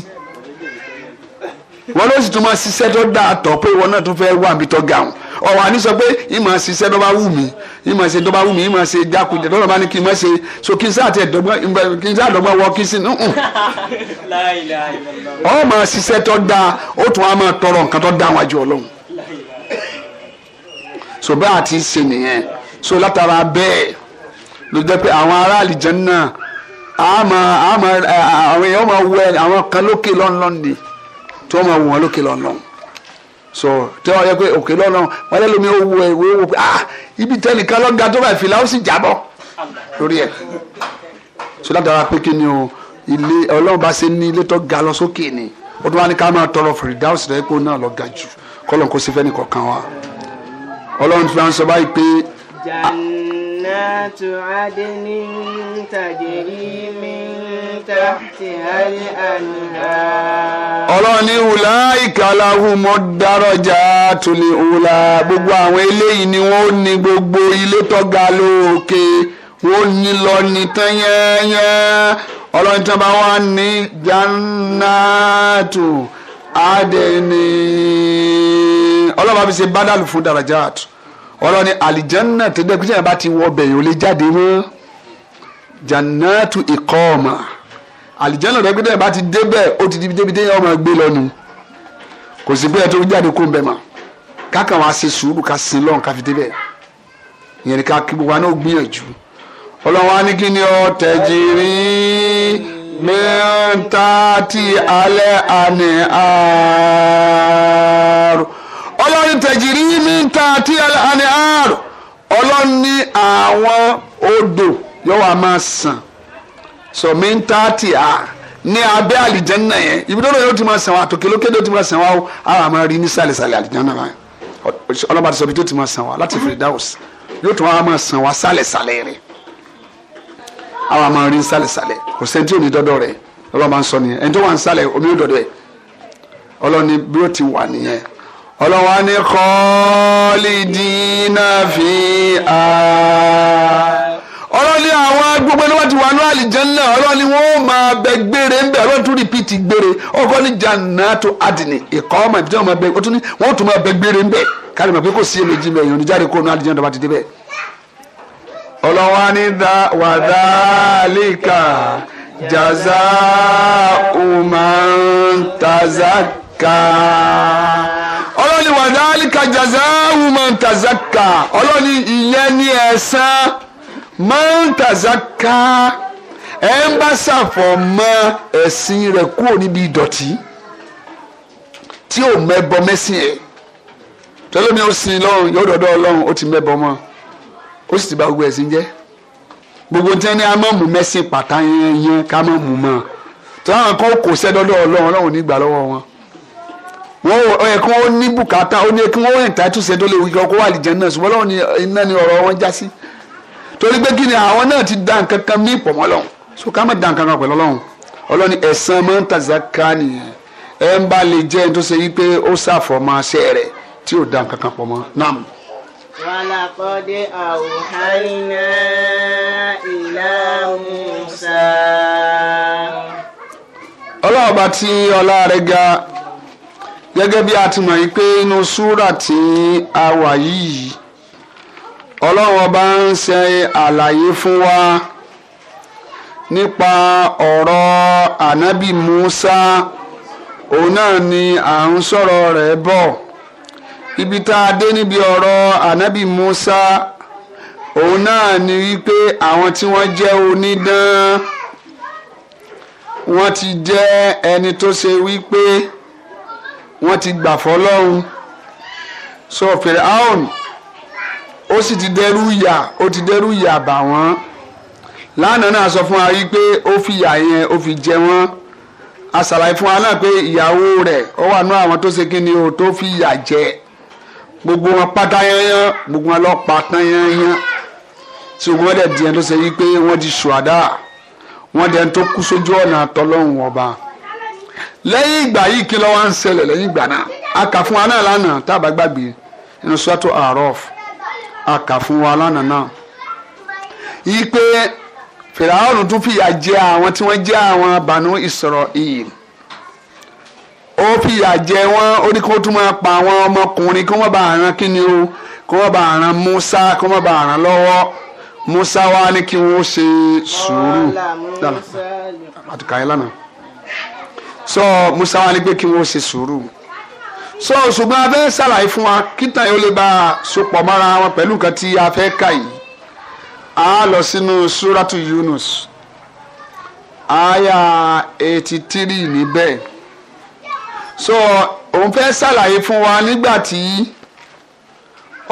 wọ́n ló sì tún máa ṣiṣẹ́ tó dáa tọ̀ pé ìwọ náà tún fẹ́ wà mí tó ga wọn ọ̀wọ́ àní sọ pé ì máa ṣiṣẹ́ tó bá wù mí ì máa ṣe tó bá wù mí ì máa ṣe jákujẹ tó bá ní kí n máa ṣe so kí n sáà tẹ dọ́gbọ́n kí n sáà dọ́gbọ́n wọ kí n sì ń hùn. ọ máa ṣiṣẹ́ tó dáa ó tún á máa tọrọ nǹkan tó dáa wájú ọlọ́run so bẹ́ẹ̀ àti ṣe nìyẹn so látara bẹ́ẹ̀ ló jẹ́ pé àwọn ará àlìjẹ́ náà àwọn èèyàn máa wẹ àwọn kan lókè lọ́nlọ́ni tí wọ́n máa wù wọ́n lókè lọ́nà so tí wọ́n yẹ pé òkè lọ́nà wọ́n lé lómi owó ẹ̀ wọ́n wò pé ah ibi tẹ́nìkan lọ́ga tó báyìí fìlà ó sì jábọ́ lórí ẹ̀ so látara pé kí ni o ilé ọlọ́run bá ṣe ní ilé tó ga lọ sókè ni ó tún wá ní ká máa tọrọ fìrìdáùsì rẹ̀ pé ó náà lọ ga jù kọ́lọ́n kó sí fẹ́ nìkan kan wa ọlọ́run ti fi hàn sọ báyìí pé. Ah, jannatu adnin tajri min ọlọ́run ní wùlá ìkàlàwù mọ́ dárọ̀jà tòlè òòlà gbogbo àwọn eléyìí ni wọ́n ní gbogbo ilé tọ́ga lóòkè wọ́n ní lọ ní tán yẹ́nyẹ́ ọlọ́run tí wọ́n bá wà ní jannatu adẹ́ni ọlọ́run bá fi ṣe bádàlù fún dárọ̀jà tù ọlọ́run àlìjánná tó dẹ́kun tí wọ́n bá ti wọ bẹ̀yìn ò lè jáde mọ́ jannatu ìkọ́ọ̀mà àlìjẹ́nà rẹ gbẹ́dẹ̀ bá ti débẹ̀ ó ti débi téèyàn ọmọ gbé lọ́nu kò sí pé tó jáde kó ń bẹ̀ mà kákan wá ṣe sùúrù ká sin lọ́n ká fi débẹ̀ ìyẹn ni ká kí gbogbo wa náà gbìyànjú ọlọ́wọ́n á ní kí ni ọ tẹ̀jì rí mẹ́ta ti alẹ́ àní àárọ̀ ọlọ́run tẹ̀jì mẹ́ta ti alẹ́ àní àárọ̀ ọlọ́run ní àwọn odò yóò wá máa sàn so mi ń tá tì á ní abẹ́ àlìjẹ́nà yẹn ibi tó lóye ó ti máa sàn wá àtòkè lókè ló ti máa sàn wá o ara máa rí ní sàlẹ̀sàlẹ̀ àlìjẹ́nà báyìí ọlọ́ba ti sọ ibi tó ti máa sàn wá láti Firdaus yóò tún wá máa sàn wá sàlẹ̀sàlẹ̀ rẹ̀ ara máa rí ní sàlẹ̀sàlẹ̀ kò sẹ́ni tí ò ní dọ́dọ̀ rẹ̀ ọlọ́ba ń sọ nìyẹn ẹni tó wà ní sàlẹ̀ omi ó dọ̀dọ̀ ẹ̀ ọlọ́ni bí ó ti wà nìyẹn ọlọ́wà ní kọ́ọ́lì gbogbo ẹni wá ti wà ní àlìjánná ọlọ́run ni wọ́n máa bẹ gbére ń bẹ ọlọ́run tún rìpíìtì gbére ọkọ ní jannatu adìní ìkọ́ ọmọ ìbí tí wọ́n ọtún ní wọ́n tún máa bẹ gbére ń bẹ kárí mọ̀ pé kò sí èméjì bẹ́ẹ̀ yẹn oníjáde kó ní àlìjánná tó bá ti dé bẹ́ẹ̀. ọlọ́wọ́n ní wàdálíkà jaza umar tazaka ọlọ́run ní wàdálíkà jaza umar tazaka ọlọ́run ní ìyẹn ní ẹ̀san mọ́ntàzáká ẹ̀ ń bá ṣàfọ̀mọ́ ẹ̀sìn rẹ̀ kúrò níbi ìdọ̀tí tí ò mẹ́bọ mẹ́sìn ẹ̀ tọ́lọ́mi ó sin lọ́run yóò dọ̀dọ̀ ọlọ́run ó ti mẹ́bọ mọ́ ó sì ti bà gbogbo ẹ̀sìn jẹ́ gbogbo tí wọ́n ní a máa mú mẹ́sìn pàtà yẹn yẹn ká máa mú mọ́ tọ́lá àwọn kan kò sẹ́ dọ́dọ̀ ọlọ́run ọlọ́run ní ìgbà lọ́wọ́ wọn wọ́n ó yẹ kí wọ́n ní bùkátà ó ní kí wọ́n ẹ̀ńtà túnṣe tó lè kó wà lìjẹ́ náà ṣùgbọ́n ọlọ́run iná ni ọ̀rọ̀ wọn já sí torí pé kí ni àwọn náà ti da nǹkan kan pọ̀ mọ́ lọ́hùn so ká má da nǹkan kan pẹ̀lú ọlọ́hùn ọlọ́hun ni ẹ̀san máa ń tàzá ká nìyẹn ẹ ń bá lè jẹ́ ẹni tó ṣe yí pé ó ṣàfọ̀mọ́ṣẹ́ rẹ̀ tí ò da nǹkan pọ̀ mọ́ náà. ولقد أوحينا إلى موسى ọlọ́ọ̀bá tí ọlá rẹ̀ ga gẹ́gẹ́ bí a ti mọ̀ yìí pé inú súrà tí a wà yìí ọlọ́run ọba ń ṣe àlàyé fún wa nípa ọ̀rọ̀ ànábì Musa òun náà ni à ń sọ̀rọ̀ rẹ̀ bọ̀ ibi tá a dé níbi ọ̀rọ̀ ànábì Musa òun náà ni wípé àwọn tí wọ́n jẹ́ onídán wọ́n ti jẹ́ ẹni tó ṣe wípé wọ́n ti gbà fọ́lọ́run so Firaun. So, ó sì ti dẹrú yà ó ti dẹrú yà bà wọ́n lánàá náà sọ fún wa rí pé ó fi yà yẹn ó fi jẹ wọ́n a ṣàlàyé fún wa náà pé ìyàwó rẹ̀ ó wà nú àwọn tó ṣe kí ni o tó fi yà jẹ gbogbo wọn pátá yányán gbogbo wọn lọ pa tán yányán tí wọn dẹ̀ di ẹni tó ṣe yí pé wọ́n di ṣùádà wọ́n dẹ̀ tó kú sójú ọ̀nà àtọ́lọ́hún ọba lẹ́yìn ìgbà yìí kí ló ń ṣẹlẹ̀ lẹ́yìn ìgbà náà a kà fún wa náà lánàá tá a bá gbàgbé nínú sọ́tò àárọ̀ fún a kà fún wa lánàá náà yí pé fìràwọ̀n tún fìyà àwọn tí wọ́n jẹ́ àwọn Banu Israel ó fìyà jẹ wọ́n ó ní kó tún máa pa àwọn ọmọkùnrin kó wọ́n bá àrán o kó wọ́n bá Musa kó wọ́n bá àrán lọ́wọ́ Musa wá ní kí wọ́n ṣe sùúrù lánàá Musa so ṣùgbọ́n a fẹ́ ṣàlàyé fún wa kíta yóò lè bá a sopọ̀ mọ́ra wọn pẹ̀lú nǹkan tí a fẹ́ kà yìí a lọ sínú suratu Yunus aya eighty three níbẹ̀ so òun fẹ́ ṣàlàyé fún wa nígbà tí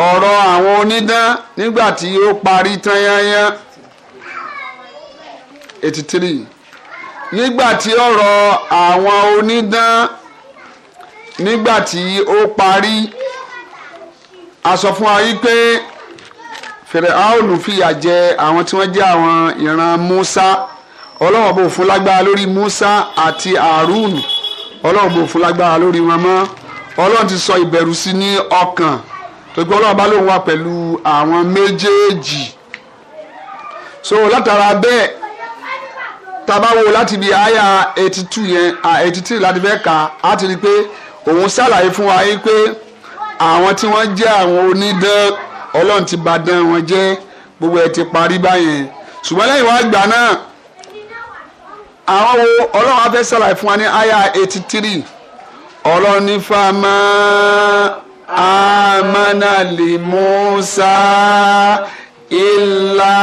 ọ̀rọ̀ àwọn onídán nígbà tí ó parí tán yányán eighty three nígbà tí ọ̀rọ̀ àwọn onídán nígbà tí ó parí a sọ fún wa wípé Fáráò fìyà jẹ àwọn tí wọ́n jẹ́ àwọn ìran Musa ọlọ́wọ́n bò fún lágbára lórí Musa àti Arun ọlọ́wọ́n bò fún lágbára lórí wọn mọ́ ọlọ́run ti sọ ìbẹ̀rù sí ní ọkàn tó gbọ́ ọlọ́run bá lóun wà pẹ̀lú àwọn méjèèjì so látara bẹ́ẹ̀ tabawo láti bi aya eighty two yẹn eighty three láti fẹ́ kà á ti rí i pé òun ṣàlàyé fún wa yìí pé àwọn tí wọ́n jẹ́ àwọn onídán ọlọ́run ti bà dán wọn jẹ́ gbogbo ẹ̀ ti parí báyẹn ṣùgbọ́n lẹ́yìn wá gbà náà àwọn wo ọlọ́run á fẹ́ ṣàlàyé fún wa ní àyà eighty three ọlọ́run ní fama amanali musa ilà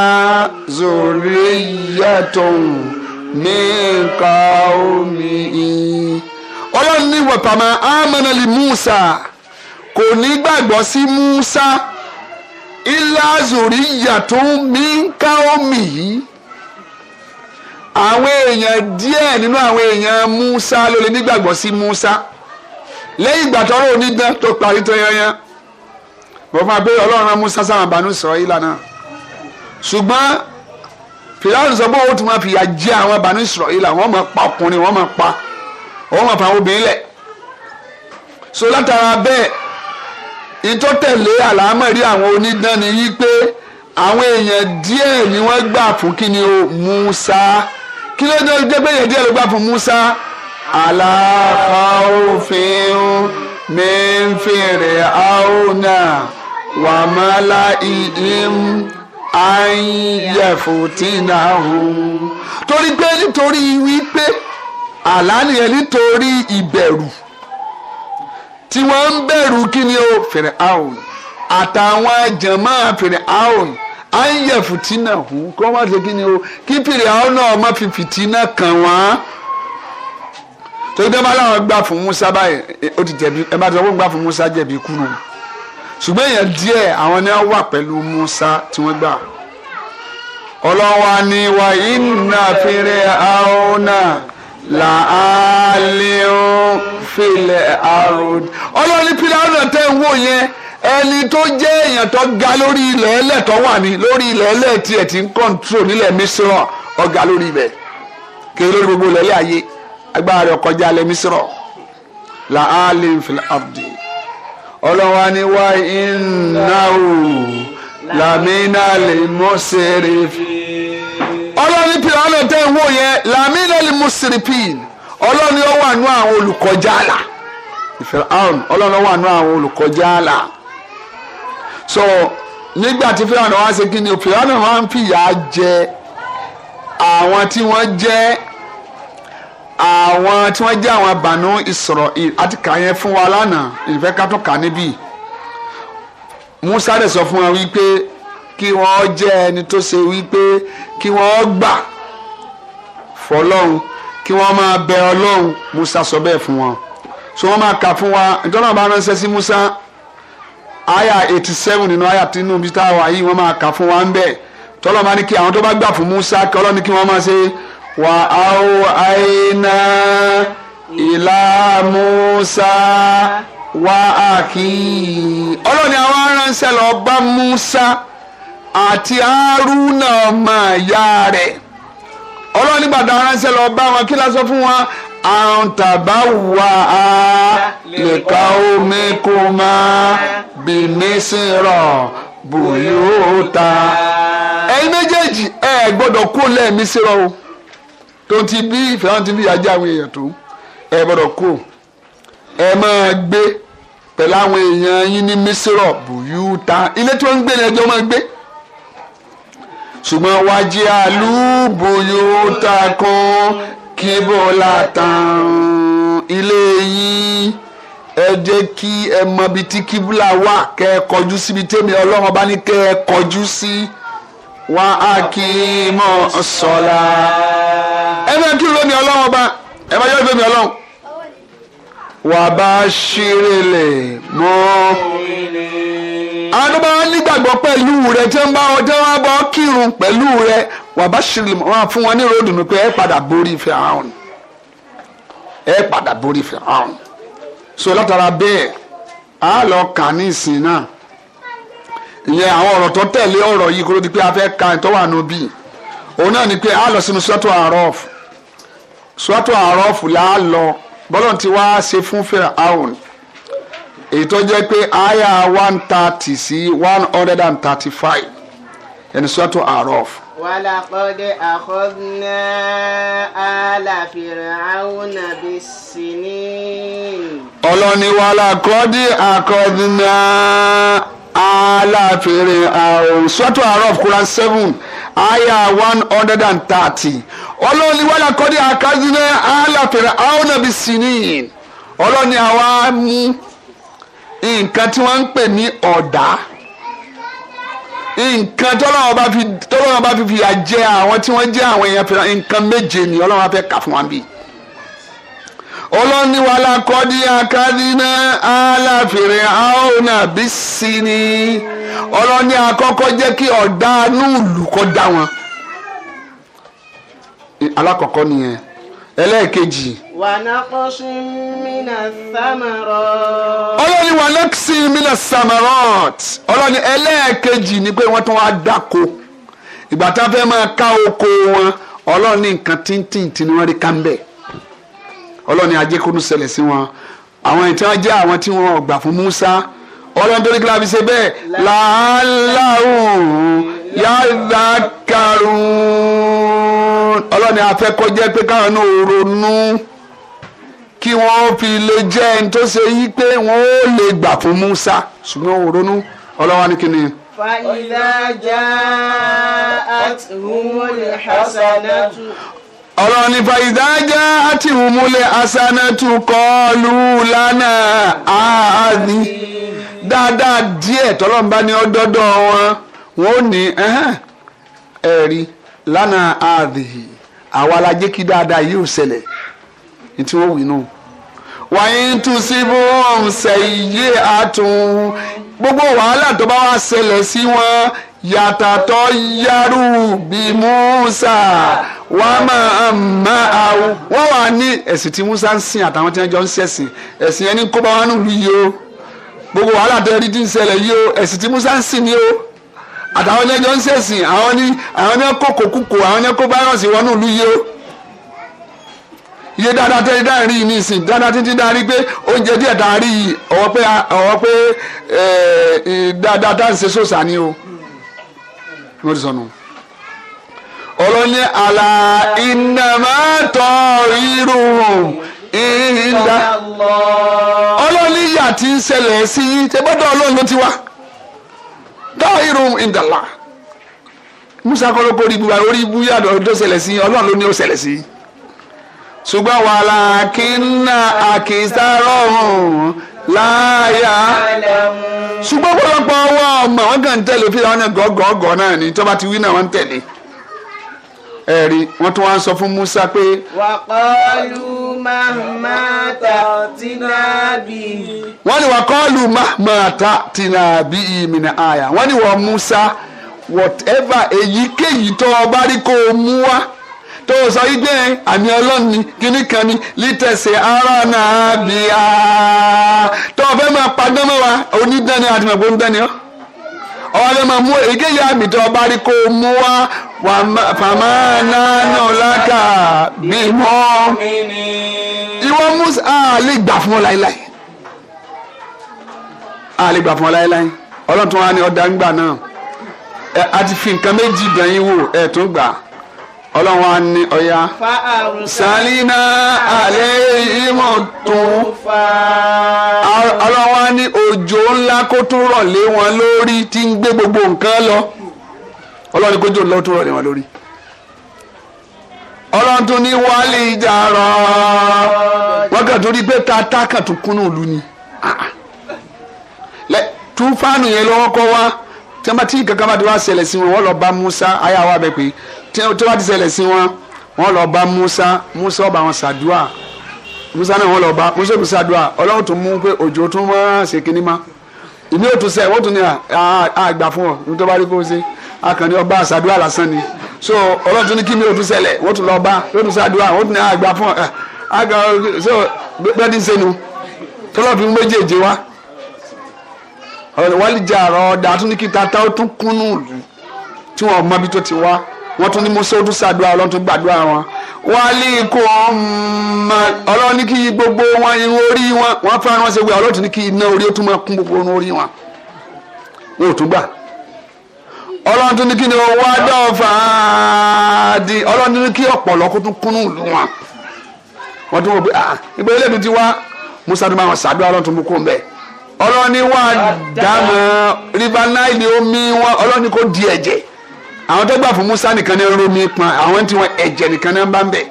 zoriyatun min qawmihi ọlọ́run ní wọ̀pàmà amánàlì musa kò ní gbàgbọ́ sí musa ilá zòrí yàtọ̀ mí káómì yìí àwọn èèyàn díẹ̀ nínú àwọn èèyàn musa ló lè nígbàgbọ́ sí musa lẹ́yìn ìgbà tọ́rọ̀ onídán tó parí tó yanyan mo fún wa pé ọlọ́run rán musa sáwọn àbánú sọ ìlànà ṣùgbọ́n fìlà ń sọ pé owó tó máa fìyà jẹ àwọn àbánú sọ ìlànà wọ́n máa pa ọkùnrin wọ́n máa pa òun máa fa àwọn obìnrin lẹ̀ so látara bẹ́ẹ̀ ìtọ́tẹ̀lé àlámọ̀rí àwọn onídán ni wípé àwọn èèyàn díẹ̀ ni wọ́n gbà fún kíni o Musa kí ló dé jẹ́ pé èèyàn díẹ̀ ló gbà fún Musa aláfàáfin mẹ́fẹ̀rẹ̀ àọ́nà wàmálà ìdím ayẹ̀fọ̀tínà o torí pé nítorí wípé àlá nìyẹn nítorí ìbẹ̀rù tí wọ́n ń bẹ̀rù kí ni o fèrè áhùn àtàwọn jẹ̀mọ́ fèrè áhùn á ń yẹ fìtínà hù kí wọ́n má ṣe kí ni o kí fèrè áhùn náà má fi fìtínà kàn wọ́n torí bẹ́ẹ̀ bá láwọn gbà fún Musa báyìí ó ti jẹ̀bi ẹ bá ti sọ pé gbà fún Musa jẹ̀bi kúrò ṣùgbọ́n èèyàn díẹ̀ àwọn ni wọ́n wà pẹ̀lú Musa tí wọ́n gbà ọlọ́wà ni wà yín nà náà làálẹ́ọ̀ filẹ̀ àrùn. ọlọ́ni pílánà tẹ́ ń wò yẹn ẹni tó jẹ́ èèyàn tó ga lórí ilẹ̀ ẹlẹ̀ tó wà ní lórí ilẹ̀ ẹlẹ̀ tiẹ̀ ti ń kọ́ńtró nílẹ̀ mísírọ̀ ọ̀gá lórí ibẹ̀ kéré lórí gbogbo ilẹ̀ ayé agbára rẹ̀ kọjá ilẹ̀ mísírọ̀ làálẹ́ filẹ̀ àrùn. ọlọ́wà ni wá ináwó làmínà lè mọ́ sẹ́rẹ̀ fi ọlọ́ni pìrànà tẹ́ ìwò yẹn laminali musiripin ọlọ́ni ó wà nú àwọn olùkọjá àlà ìfẹ̀ràn ọlọ́ni ó wà nú àwọn olùkọjá àlà so nígbà tí pìrànà wá ṣe kí ni pìrànà máa ń fìyà jẹ àwọn tí wọ́n jẹ́ àwọn tí wọ́n jẹ́ àwọn àbànú ìsọ̀rọ̀ àti kà yẹn fún wa lánàá ìfẹ́ ká tún kà níbí Musa dẹ̀ sọ fún wa wípé kí wọ́n jẹ́ ẹni tó ṣe wípé kí wọ́n gbà fọlọ́run kí wọ́n máa bẹ ọlọ́run Musa sọ bẹ́ẹ̀ fún wọn so wọ́n máa kà fún wa ìtọ́nà bá ránṣẹ́ sí Musa aya eighty seven nínú aya tínú tá a wà yìí wọ́n máa kà fún wa ń bẹ̀ tọ́lọ́ máa ní kí àwọn tó bá gbà fún Musa kí ọlọ́run ní kí wọ́n máa ṣe wà á ó àìná ìlà Musa wà á kì í ni àwọn aránṣẹ́ lọ bá Musa àti aruna ọmọ ìyá rẹ̀ ọlọ́run nígbà tá a ránṣẹ́ lọ bá wọn kí lásán fún wọn àwọn tàbá wà á lèka omi kò máa bì ní sírọ̀ bùyóòtà. ẹ̀yin méjèèjì ẹ gbọ́dọ̀ kó lẹ́ẹ̀mí sírọ̀ o tó ti bí ìfẹ́ wọn ti bí ìyájá àwọn èèyàn tó ẹ gbọ́dọ̀ kó ẹ máa gbé pẹ̀lú àwọn èèyàn yín ní mísírọ̀ bùyúta ilé tí wọ́n ń gbé ni ẹjọ́ máa gbé ṣùgbọ́n wájú àlùbọ̀yò ta kan kíbọ̀lá tán ilé yín ẹ jẹ́ kí ẹ mọ ibi tí kíbúlà wà kẹ́ ẹ kọjú síbi tèmi ọlọ́run bá ní kẹ́ ẹ kọjú sí wá á kí mọ̀ sọ́la ẹ bẹ́ẹ̀ kí ló ní ọlọ́run bá ẹ bá yọ ìfẹ́mi ọlọ́run wà bá ṣírẹ̀lẹ̀ mọ́. àwọn n'igbagbọ pẹlụ rẹ tí wọ́n bá ọjọ́ wọn bọ́ kírun pẹ̀lú rẹ wàbá ṣìlì wọn fún wọn ní ròdù ní pé ẹ padà borí Fáráò ẹ padà borí Fáráò so látara bẹ́ẹ̀ á lọ kà ní ìsìn náà ìyẹn àwọn ọrọ tó tẹ̀lé yìí kúrò di a lọ sínú là lọ ṣe èyí tó jẹ́ pé aya one thirty sí one hundred and thirty five ẹni sọ́tò àrọ́f. ولقد أخذنا آل فرعون بالسنين. ọlọ́ni ولقد أخذنا آل فرعون sọ́tò àrọ́f Quran seven aya one hundred and thirty ọlọ́ni ولقد أخذنا آل فرعون بالسنين ọlọ́ni àwa mú nǹkan tí wọ́n ń pè ní ọ̀dà nǹkan tọ́lọ́wọ́n bá fi tọ́lọ́wọ́n bá fi fìyà jẹ àwọn tí wọ́n jẹ́ àwọn èèyàn fìlà nǹkan méje ni ọlọ́wọ́n á fẹ́ kà fún wa bíi olóńní wa la kọ́dí akadínà aláfèrè ni olóńní akọ́kọ́ jẹ́ kí ọ̀dà núùlù kọ́ dá wọn alákọ̀ọ́kọ́ nìyẹn ẹlẹ́ẹ̀kejì ọlọ́ni wà nọ́ọ̀sì mina samarot ọlọ́ni ẹlẹ́ẹ̀kejì ni pé wọ́n tún wá dáko ìgbà tá a fẹ́ máa ká oko wọn ọlọ́ni nǹkan tíntìntì ni wọ́n rí ká ń bẹ̀ ọlọ́ni ajẹ́kọ́nù ṣẹlẹ̀ sí wọn àwọn ìtàn ajé àwọn tí wọ́n gbà fún Musa ọlọ́ni tó ní kíláàbí ṣe bẹ́ẹ̀ làálàáhùn yàrá karùn ọlọ́ni afẹ́kọ́jẹ́ pé káwọn náà ronú. kí wọ́n fi lè je ẹni tó ṣe yí pé wọ́n ó lè gbà fún Musa ṣùgbọ́n òun ronú ọlọ́wà ní kíni. fàyílà já àtìwúmúlẹ̀ hasanatu. ọlọ́run ní fàyílà já àtìwúmúlẹ̀ hasanatu kọlu lánà àádì dáadáa díẹ̀ tọ́lọ́mbá ní ọdọ́dọ́ wọn wọn ò ní ẹ̀rí lánà àádì àwa la jẹ́ kí dáadáa ṣẹlẹ̀. ntí wọ́n wí nù. wàyí tún sí bó ń ṣe iye àtún gbogbo wàhálà tó bá wá ṣẹlẹ̀ sí wọn yàtàtọ̀ yarú bí Musa wà máa ma àwọn. wọ́n wà ní ẹ̀sìn tí Musa ń sìn àtàwọn tí wọ́n jọ ń ṣẹ̀sìn ẹ̀sìn ẹni kó bá wọn nù lù yìí o gbogbo wàhálà tẹ́rí tí ń ṣẹlẹ̀ yìí o ẹ̀sìn tí Musa ń sìn ni o àtàwọn ẹni jọ ń ṣẹ̀sìn àwọn ní àwọn ní kókòkòkò àwọn ní kó báyọ̀sì wọnú ìlú yìí o iye dáadáa tẹ́ dáa rí ní ìsìn dáadáa títí dáa rí pé oúnjẹ díẹ̀ dáa rí ọ̀wọ́ pé ọ̀wọ́ pé dáadáa dáa ń ṣe sòsà ni o wọ́n ti sọnù. ọlọ́ni àlà ìnàmá tọ́ irun ìhìndá ọlọ́ni ìyà tí ń ṣẹlẹ̀ sí i ṣe bọ́dọ̀ ọlọ́run ló ti wá tọ́ irun ìdàlà musa kọ́ ló kórìí bu wa orí ibu yàtọ̀ tó ṣẹlẹ̀ sí i ọlọ́run ló ní ó ṣẹlẹ̀ sí i ṣùgbọ́n wàhálà kínà àkìsàrọ̀hún láàyà. ṣùgbọ́n pọ̀lọpọ̀ wà ọmọ wọn kàn ń tẹ̀lé fi àwọn náà gọ́gọ́gọ́ náà ni tó bá ti wí náà wọ́n ń tẹ̀lé. ẹ̀rí wọ́n tún wá ń sọ fún Musa pé. wàkọ́lù mahma ta tinabi. wọ́n ní wàkọ́lù mahma ta ìmìnà àyà wọ́n ní wọ́n Musa whatever èyíkéyìí tó o bá rí kó o mú wá tó o sọ igbe àmì ọlọ́run ni kíní kan ni lítẹ̀sẹ̀ ara náà bí a tó o fẹ́ máa padà mọ́ wa onídàáni àti màgbó ń dání ọ́ ọ̀rẹ́ máa mú èkéyà àmì tó o bá rí kó o mú wa fàmà nánà lákà bímọ ìwọ musa àlè gbà fún ọ láéláé àlè gbà fún ọ láéláé ọlọ́run tó wà ní ọ̀dà ńgbà náà àti fi nǹkan méjì dàn yín wò ẹ̀ tó gbà á ọlọ́run wa ní ọ̀ya. sálínà àlẹ́ ìmọ̀ tún. ọlọ́run wa ní òjò ńlá kó tún rọ̀ lé wọn lórí tí ń gbé gbogbo nǹkan lọ. ọlọ́run ní kójó ńlá tún rọ̀ lé wọn lórí. ọlọ́run tún ní wálé ìjà rọ̀. wọ́n kàn tún rí pé tata kàn tún kúnnú ìlú ah, ah. túfánù yẹn lọ́wọ́ kọ́ wá tí wọ́n bá tí kankan bá ti wá ṣẹlẹ̀ sí wọn wọ́n lọ bá Musa aya wa bẹ̀ pé tí wọ́n bá ti ṣẹlẹ̀ sí wọn wọ́n lọ bá Musa Musa ọba wọn ṣàdúrà Musa náà wọ́n lọ bá Musa òbí ṣàdúrà Ọlọ́run tó mú pé òjò tó máa ṣe kinní ma ìmí ò tún sẹ wọ́n tún ní àgbà fún ọ ní tó bá rí kó ṣe akànni ọba ṣàdúrà lásán ni so Ọlọ́run tún ní kí mi ò tún ṣẹlẹ̀ wọ́n tún lọ bá wọ́n tún ṣàdúrà wọ́n tún ní àgbà fún ọ àgbà so gbẹ́dí ṣe nu tọ́lọ́ fi méjèèjì wá wọ́n lè jẹ àrọ̀ ọ̀dà tún ní ó tún lù tí mọ ibi tó ti wá wọ́n tún ní mo sóòtú sàdúrà ọlọ́run gbàdúrà wọn. Mm, ní kí gbogbo wọn irun orí wọn wọ́n fẹ́ràn wọn ṣe wí ọlọ́run tún ní kí iná orí ó tún máa kún gbogbo irun orí wọn. wọn ò tún gbà tún ní kí ni ọlọ́ni wà dáná river nile omi wọn ọlọ́ni kò di ẹ̀jẹ̀ àwọn tó gbà fún Musa nìkan ní romi pọn àwọn tí wọn ẹ̀jẹ̀ nìkan ní bá ń bẹ̀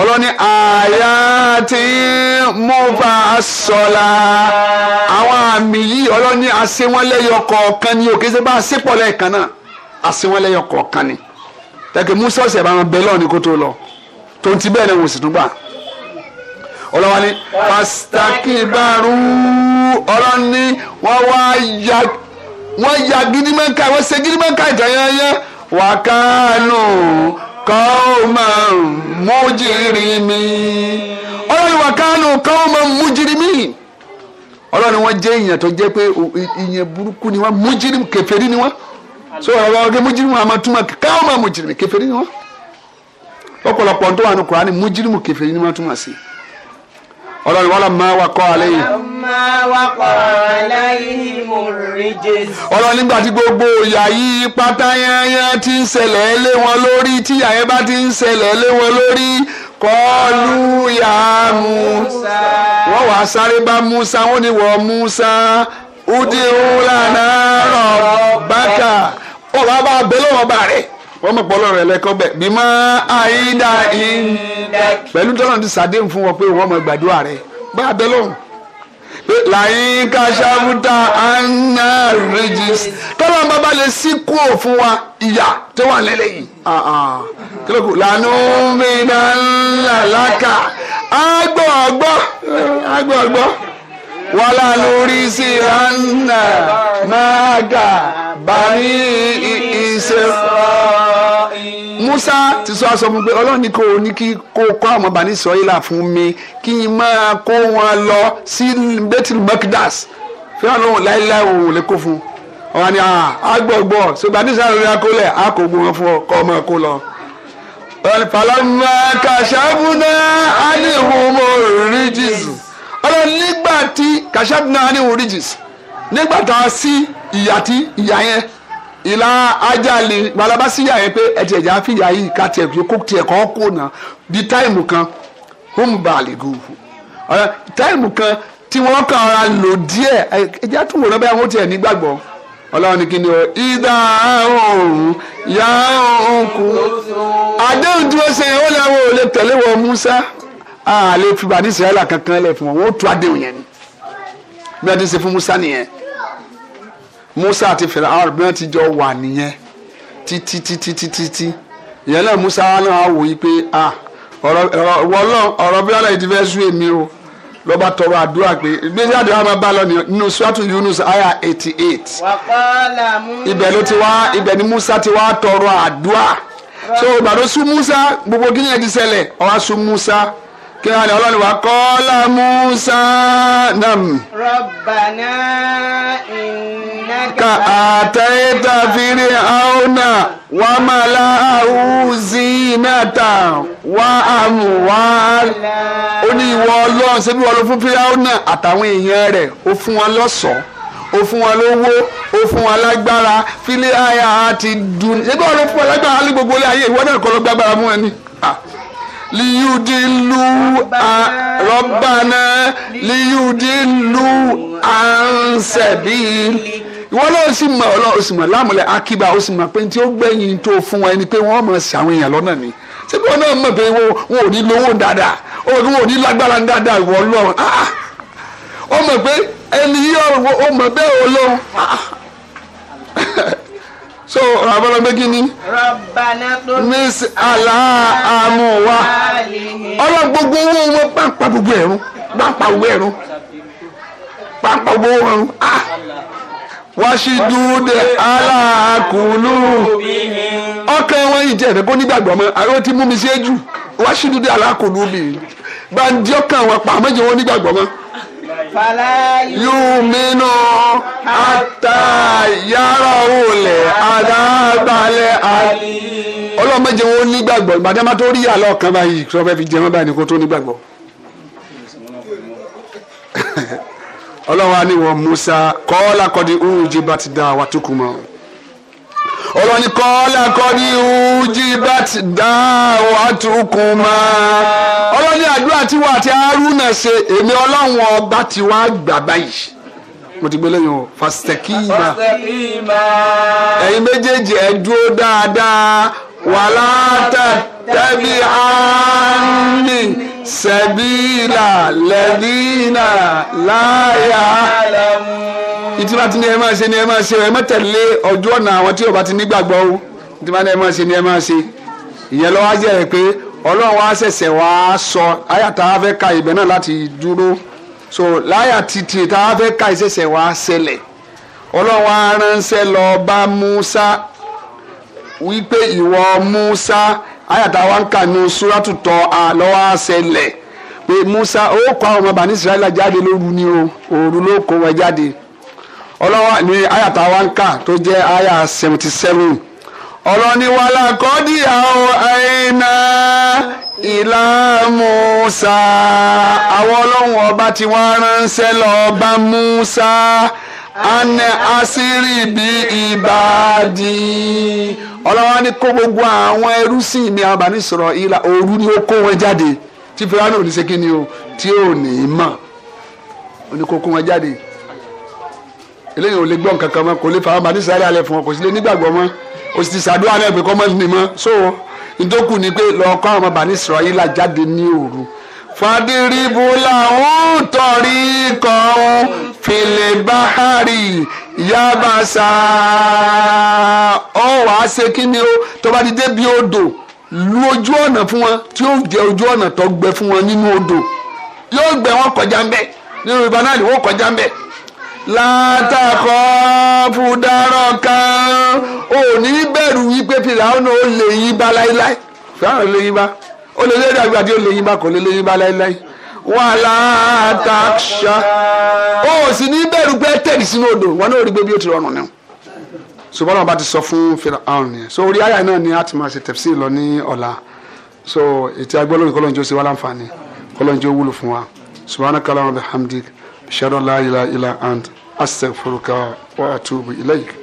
ọlọ́ni àyà tí mo bá a sọ̀la àwọn àmì yìí ọlọ́ni àṣewọ́nlẹ́yọ kọ̀ọ̀kan ni òkè ṣe bá a ṣépọ̀ lẹ́ẹ̀kan náà àṣewọ́nlẹ́yọ kọ̀ọ̀kan ni tẹ̀kẹ́ Musa ọ̀sẹ̀ bá wọn bẹ lọ́ọ̀ni kó tó lọ tó ti bẹ́ẹ̀ lẹ́wọ̀n sì tún gbà ọlọ́wọ́ ni pastakibaru ọlọ́run ni wọ́n wá ya wọ́n ya gidimẹ́ka wọ́n ṣe gidimẹ́ka ìtàyẹ̀yẹ wàkánù mi mújìrìmí ọlọ́run wàkánù kọ́ọ̀mọ̀ mújìrìmí ọlọ́run ni wọ́n jẹ́ ìyẹn tó jẹ́ pé ìyẹn burúkú ni wọ́n mújìrìmí kèfèrí ni wọ́n so ọ̀rọ̀ ọ̀gẹ́ mújìrìmù àmọ́ túmọ̀ kọ́ọ̀mọ̀ mújìrìmí kèfèrí ni wọ́n ọ̀pọ̀lọpọ̀ tó wà ní Kùránì mújìrìmù kèfèrí ni wọ́n túmọ̀ sí i ọlọ́run wọ́n lọ máa wakọ̀ àlẹ́yìn. ọlọ́run nígbà tí gbogbo ìyà yìí pátá yányán ti ń ṣẹlẹ̀ lé wọn lórí tí ìyà yẹn bá ti ń ṣẹlẹ̀ lé wọn lórí kọlu ya Musa wọ́n wàá sáré bá Musa wọ́n ní wọ́n Musa udiwulana rọ̀ bàkà ọ̀rọ̀ bá bẹ́lẹ̀ ọba rẹ̀ wọ́n mọ̀ pọ́lọ́ rẹ̀ lẹ́kọ́ bẹ̀ bí mọ́ àyíndà ìndà pẹ̀lú tọ́lọ́ ti sàdéhùn fún wọn pé wọ́n mọ̀ gbàdúrà rẹ̀ bá a bẹ lóhùn pé káṣáfúta anna regis tọ́lọ́ bàbá lè sí kúò fún wa ìyà tó wà lẹ́lẹ̀ yìí ah, ah. kílókù lànà òmìnira ńlá lákà àgbọ̀ ọgbọ́ àgbọ̀ ọgbọ́ wàlá lórí sí anna máa gà bá Musa ti sọ aṣọ mu pé ọlọ́run ní kò ní kí kó kọ́ àwọn bàní sọ́yìnlá fún mi kí n máa kó wọn lọ sí Bethel mekdas fẹ́ràn lóhùn láéláé òun lè kó fún ọ̀hún ni àgbọ̀gbọ̀ ah, ṣùgbọ́n ní sáré rẹ̀ kólẹ̀ á kò gbọ́n fún ọ kọ́ ọmọ kó lọ. Fàlọ́mà kàṣàbùnà ánìhùnmọ̀ ríjìsì ọlọ́run nígbà tí kàṣàbùnà ánìhùn ríjìsì nígbà tá a sí ìyà ìyà yẹn ìlà ajali balaba síyà yẹn pé ẹtì ẹ̀jẹ̀ àfìyà yìí ká tiẹ̀ kó tiẹ̀ kọ́ kó nà di táìmù kan home baali guhu táìmù kan tí wọ́n kàn ra lò díẹ̀ ẹ̀jẹ̀ àtúwò náà bẹ́ẹ̀ wọ́n tiẹ̀ nígbàgbọ́ ọlọ́run ní kíni o ìdá òòrùn yá òun kù àdéhùn tí ó ṣe ó lẹ́wọ́ ò lè tẹ̀lé wọ Musa àlè fìbà ní Israẹla kankan lẹ̀ fún wọn wọ́n ó tú àdéhùn yẹn ni bí wọ́n ti ṣe fún Musa nìyẹn Musa àti Firaun bí wọ́n ti jọ wà nìyẹn títí títí títí tí ìyẹn náà Musa náà wò yí pé ah ọ̀rọ̀ bí ọlọ́ọ̀ ìdíbẹ́ sú èmi o lọ́ba tọrọ àdúrà pé ìgbésí àdúrà máa bá lọ nínú suwatu Yunus aya eighty eight ibẹ̀ ló ti wá ibẹ̀ ni Musa ti wá tọrọ àdúrà so ìgbàdo sú Musa gbogbo gíní ẹ̀ ti ṣẹlẹ̀ ó wá sú Musa kí wàá ní ọlọ́run wa kọ́lá musa nam. rabbana innaka àtẹ̀yẹ́ta fìrí àwọnà wà màlá àwùzínàtà wà àmùwà. ó ní ìwọ ọlọ́run ṣe bí wọ́n lọ fún fíráúnà àtàwọn èèyàn rẹ̀ ó fún wọn lọ́ṣọ̀ọ́ ó fún wọn lówó ó fún wọn lágbára fílẹ̀ àyà àti dùn. ṣé bí wọ́n lọ fún wọn lágbára ní gbogbo ilé ayé ìwọ náà kọ́ ló gbàgbára mú ẹ liyudilu rọ́bànà liyudilu ansẹ̀bílì ìwọ náà sì mọ Ọlọ́run sì mọ lámùlẹ̀ akíba ó sì mọ pé tí ó gbẹ̀yìn tó fún ẹni pé wọ́n mọ̀ sí àwọn èèyàn lọ́nà ni síbi wọn náà mọ̀ pé wọn ò ní lówó dáadáa wọn ò ní lágbára dáadáa ìwọ Ọlọ́run ah, ah. ó mọ̀ pé ẹni yìí ó mọ̀ bẹ́ẹ̀ Ọlọ́run. Ah, so rabana gbégi ni. rabana tó ní. miss ala amu wa ọlọ gbogbo owó wọn pàpà gbogbo ẹrun pàpà owó ẹrun pàpà owó ẹrun ah wáṣídúdẹ aláàkúlù ọkàn wọn yìí jẹ ẹ̀rẹ́ kó nígbàgbọ́ mọ́ àwọn tí mú mi ṣe é jù wáṣídúdẹ aláàkúlù bì bá ń di ọkàn wọn pa àmọ́jọ wọn nígbàgbọ́ mọ́ yúmínú ata yàrá òòlẹ adábalẹ àlè. ọlọ́mọdé wo nígbàgbọ́ ìbàdàmà tó rí àlọ́ kan báyìí tí wọ́n fẹ́ fi jẹun báyìí ni kó tó nígbàgbọ́. ọlọ́wà ni wọ́n Musa kọ́ ọ́ lakọ́ni oúnjẹ bá ti dá wa ọlọ́ni kọ́lá kọ́ni ujibat dáhùn àtúkùmá ọlọ́ni àdúrà tiwa àti haruna ṣe èmi ọlọ́run ọba tiwa gbà báyìí mo ti gbélé yín o fasitẹ́kìmá ẹ̀yin méjèèjì ẹ̀ dúró dáadáa wàlá tẹ̀bí àmì sẹ̀bílà lẹ́dínà láyà lẹ́mú ìtì bá ti ní ẹ máa ṣe ni ẹ máa ṣe ẹ má tẹ̀lé ọjọ́ ọ̀nà àwọn tí ọba ti nígbàgbọ́ o ìtì bá ní ẹ máa ṣe ni ẹ máa ṣe ìyẹn lọ́wọ́ á jẹ́ pé ọlọ́run wa ṣẹ̀ṣẹ̀ wá sọ àyàtà á fẹ́ ka ìbẹ̀ náà láti dúró so láyà títì tá a fẹ́ ka ìṣẹ̀ṣẹ̀ wá ṣẹlẹ̀ ọlọ́run wa ránṣẹ́ lọ bá Musa wípé ìwọ Musa àyàtà wa ń kà ní suratu tọ́ a lọ́wọ́ pé Musa ó kọ́ àwọn ọmọ bàní Israẹli jáde lóru ni o òru ló kó wọn jáde ọlọ́wà ní àyàtà wa ń kà tó jẹ́ àyà seventy seven ọlọ́ni wàhálà kọ́dí àwọn àìnà ìlà Musa àwọn ọlọ́run ọba tí wọ́n ránṣẹ́ lọ́ọ́ bá Musa anẹ asiri bí ìbàdí ọlọ́wọ́ ní kó gbogbo àwọn ẹrú sí mi àwọn bàní sọ̀rọ̀ ìlà òru ni ó kó wọn jáde tí fúlàní ò ní ṣe kí ni o tí ò ní í mọ̀ ó ní kó kó wọn jáde eléyìí ò lè gbọ́ nǹkan kan mọ́ kò lè fara bàtí sáré alẹ́ fún ọ kò sì lè nígbàgbọ́ mọ́ o sì ti sàdúrà náà pé kọ́mọ́ ni mọ́ so ntòkù ni pé lọ́ọ́ kọ́ àwọn bàtí sọ̀rọ̀ yìí jáde ní òru. fàdírìbù làwọn tọrí kan fìlẹ̀ báhárì yabasa ọ wàá ṣe kí ni o tó bá ti dé odò lu ojú ọ̀nà fún wọn tí ó jẹ ojú ọ̀nà tó gbẹ fún wọn nínú odò yóò gbẹ wọn kọjá ń bẹ nínú ìbánáàlì wọn kọjá ń bẹ látàkọ́ fúdárọ̀ kan òní bẹ̀rù wípé fìlàwọn ò lè yín bá láíláí fìlàwọn ò lè yín bá ó lè lé dàgbà tí ó lè yín bá kò lè lè yín bá láíláí wà látàkṣà ó sì ní bẹ̀rù pé tẹ̀lé sínú odò wọn náà rí gbé bí ó ti rọrùn ni ṣùgbọ́n àwọn bá ti sọ fún Fáráò nìyẹn so orí àyà náà ni a ti máa ṣe tẹ̀sí lọ ní ọ̀la so ètí agbọ́lóyìn kọ́lọ́njọ́ sí wa láǹfààní kọ́lọ́njọ́ wúlò fún wa subhanaka Allahumma wa bihamdik. shadow la ila illa ant astaghfiruka wa atubu ilaik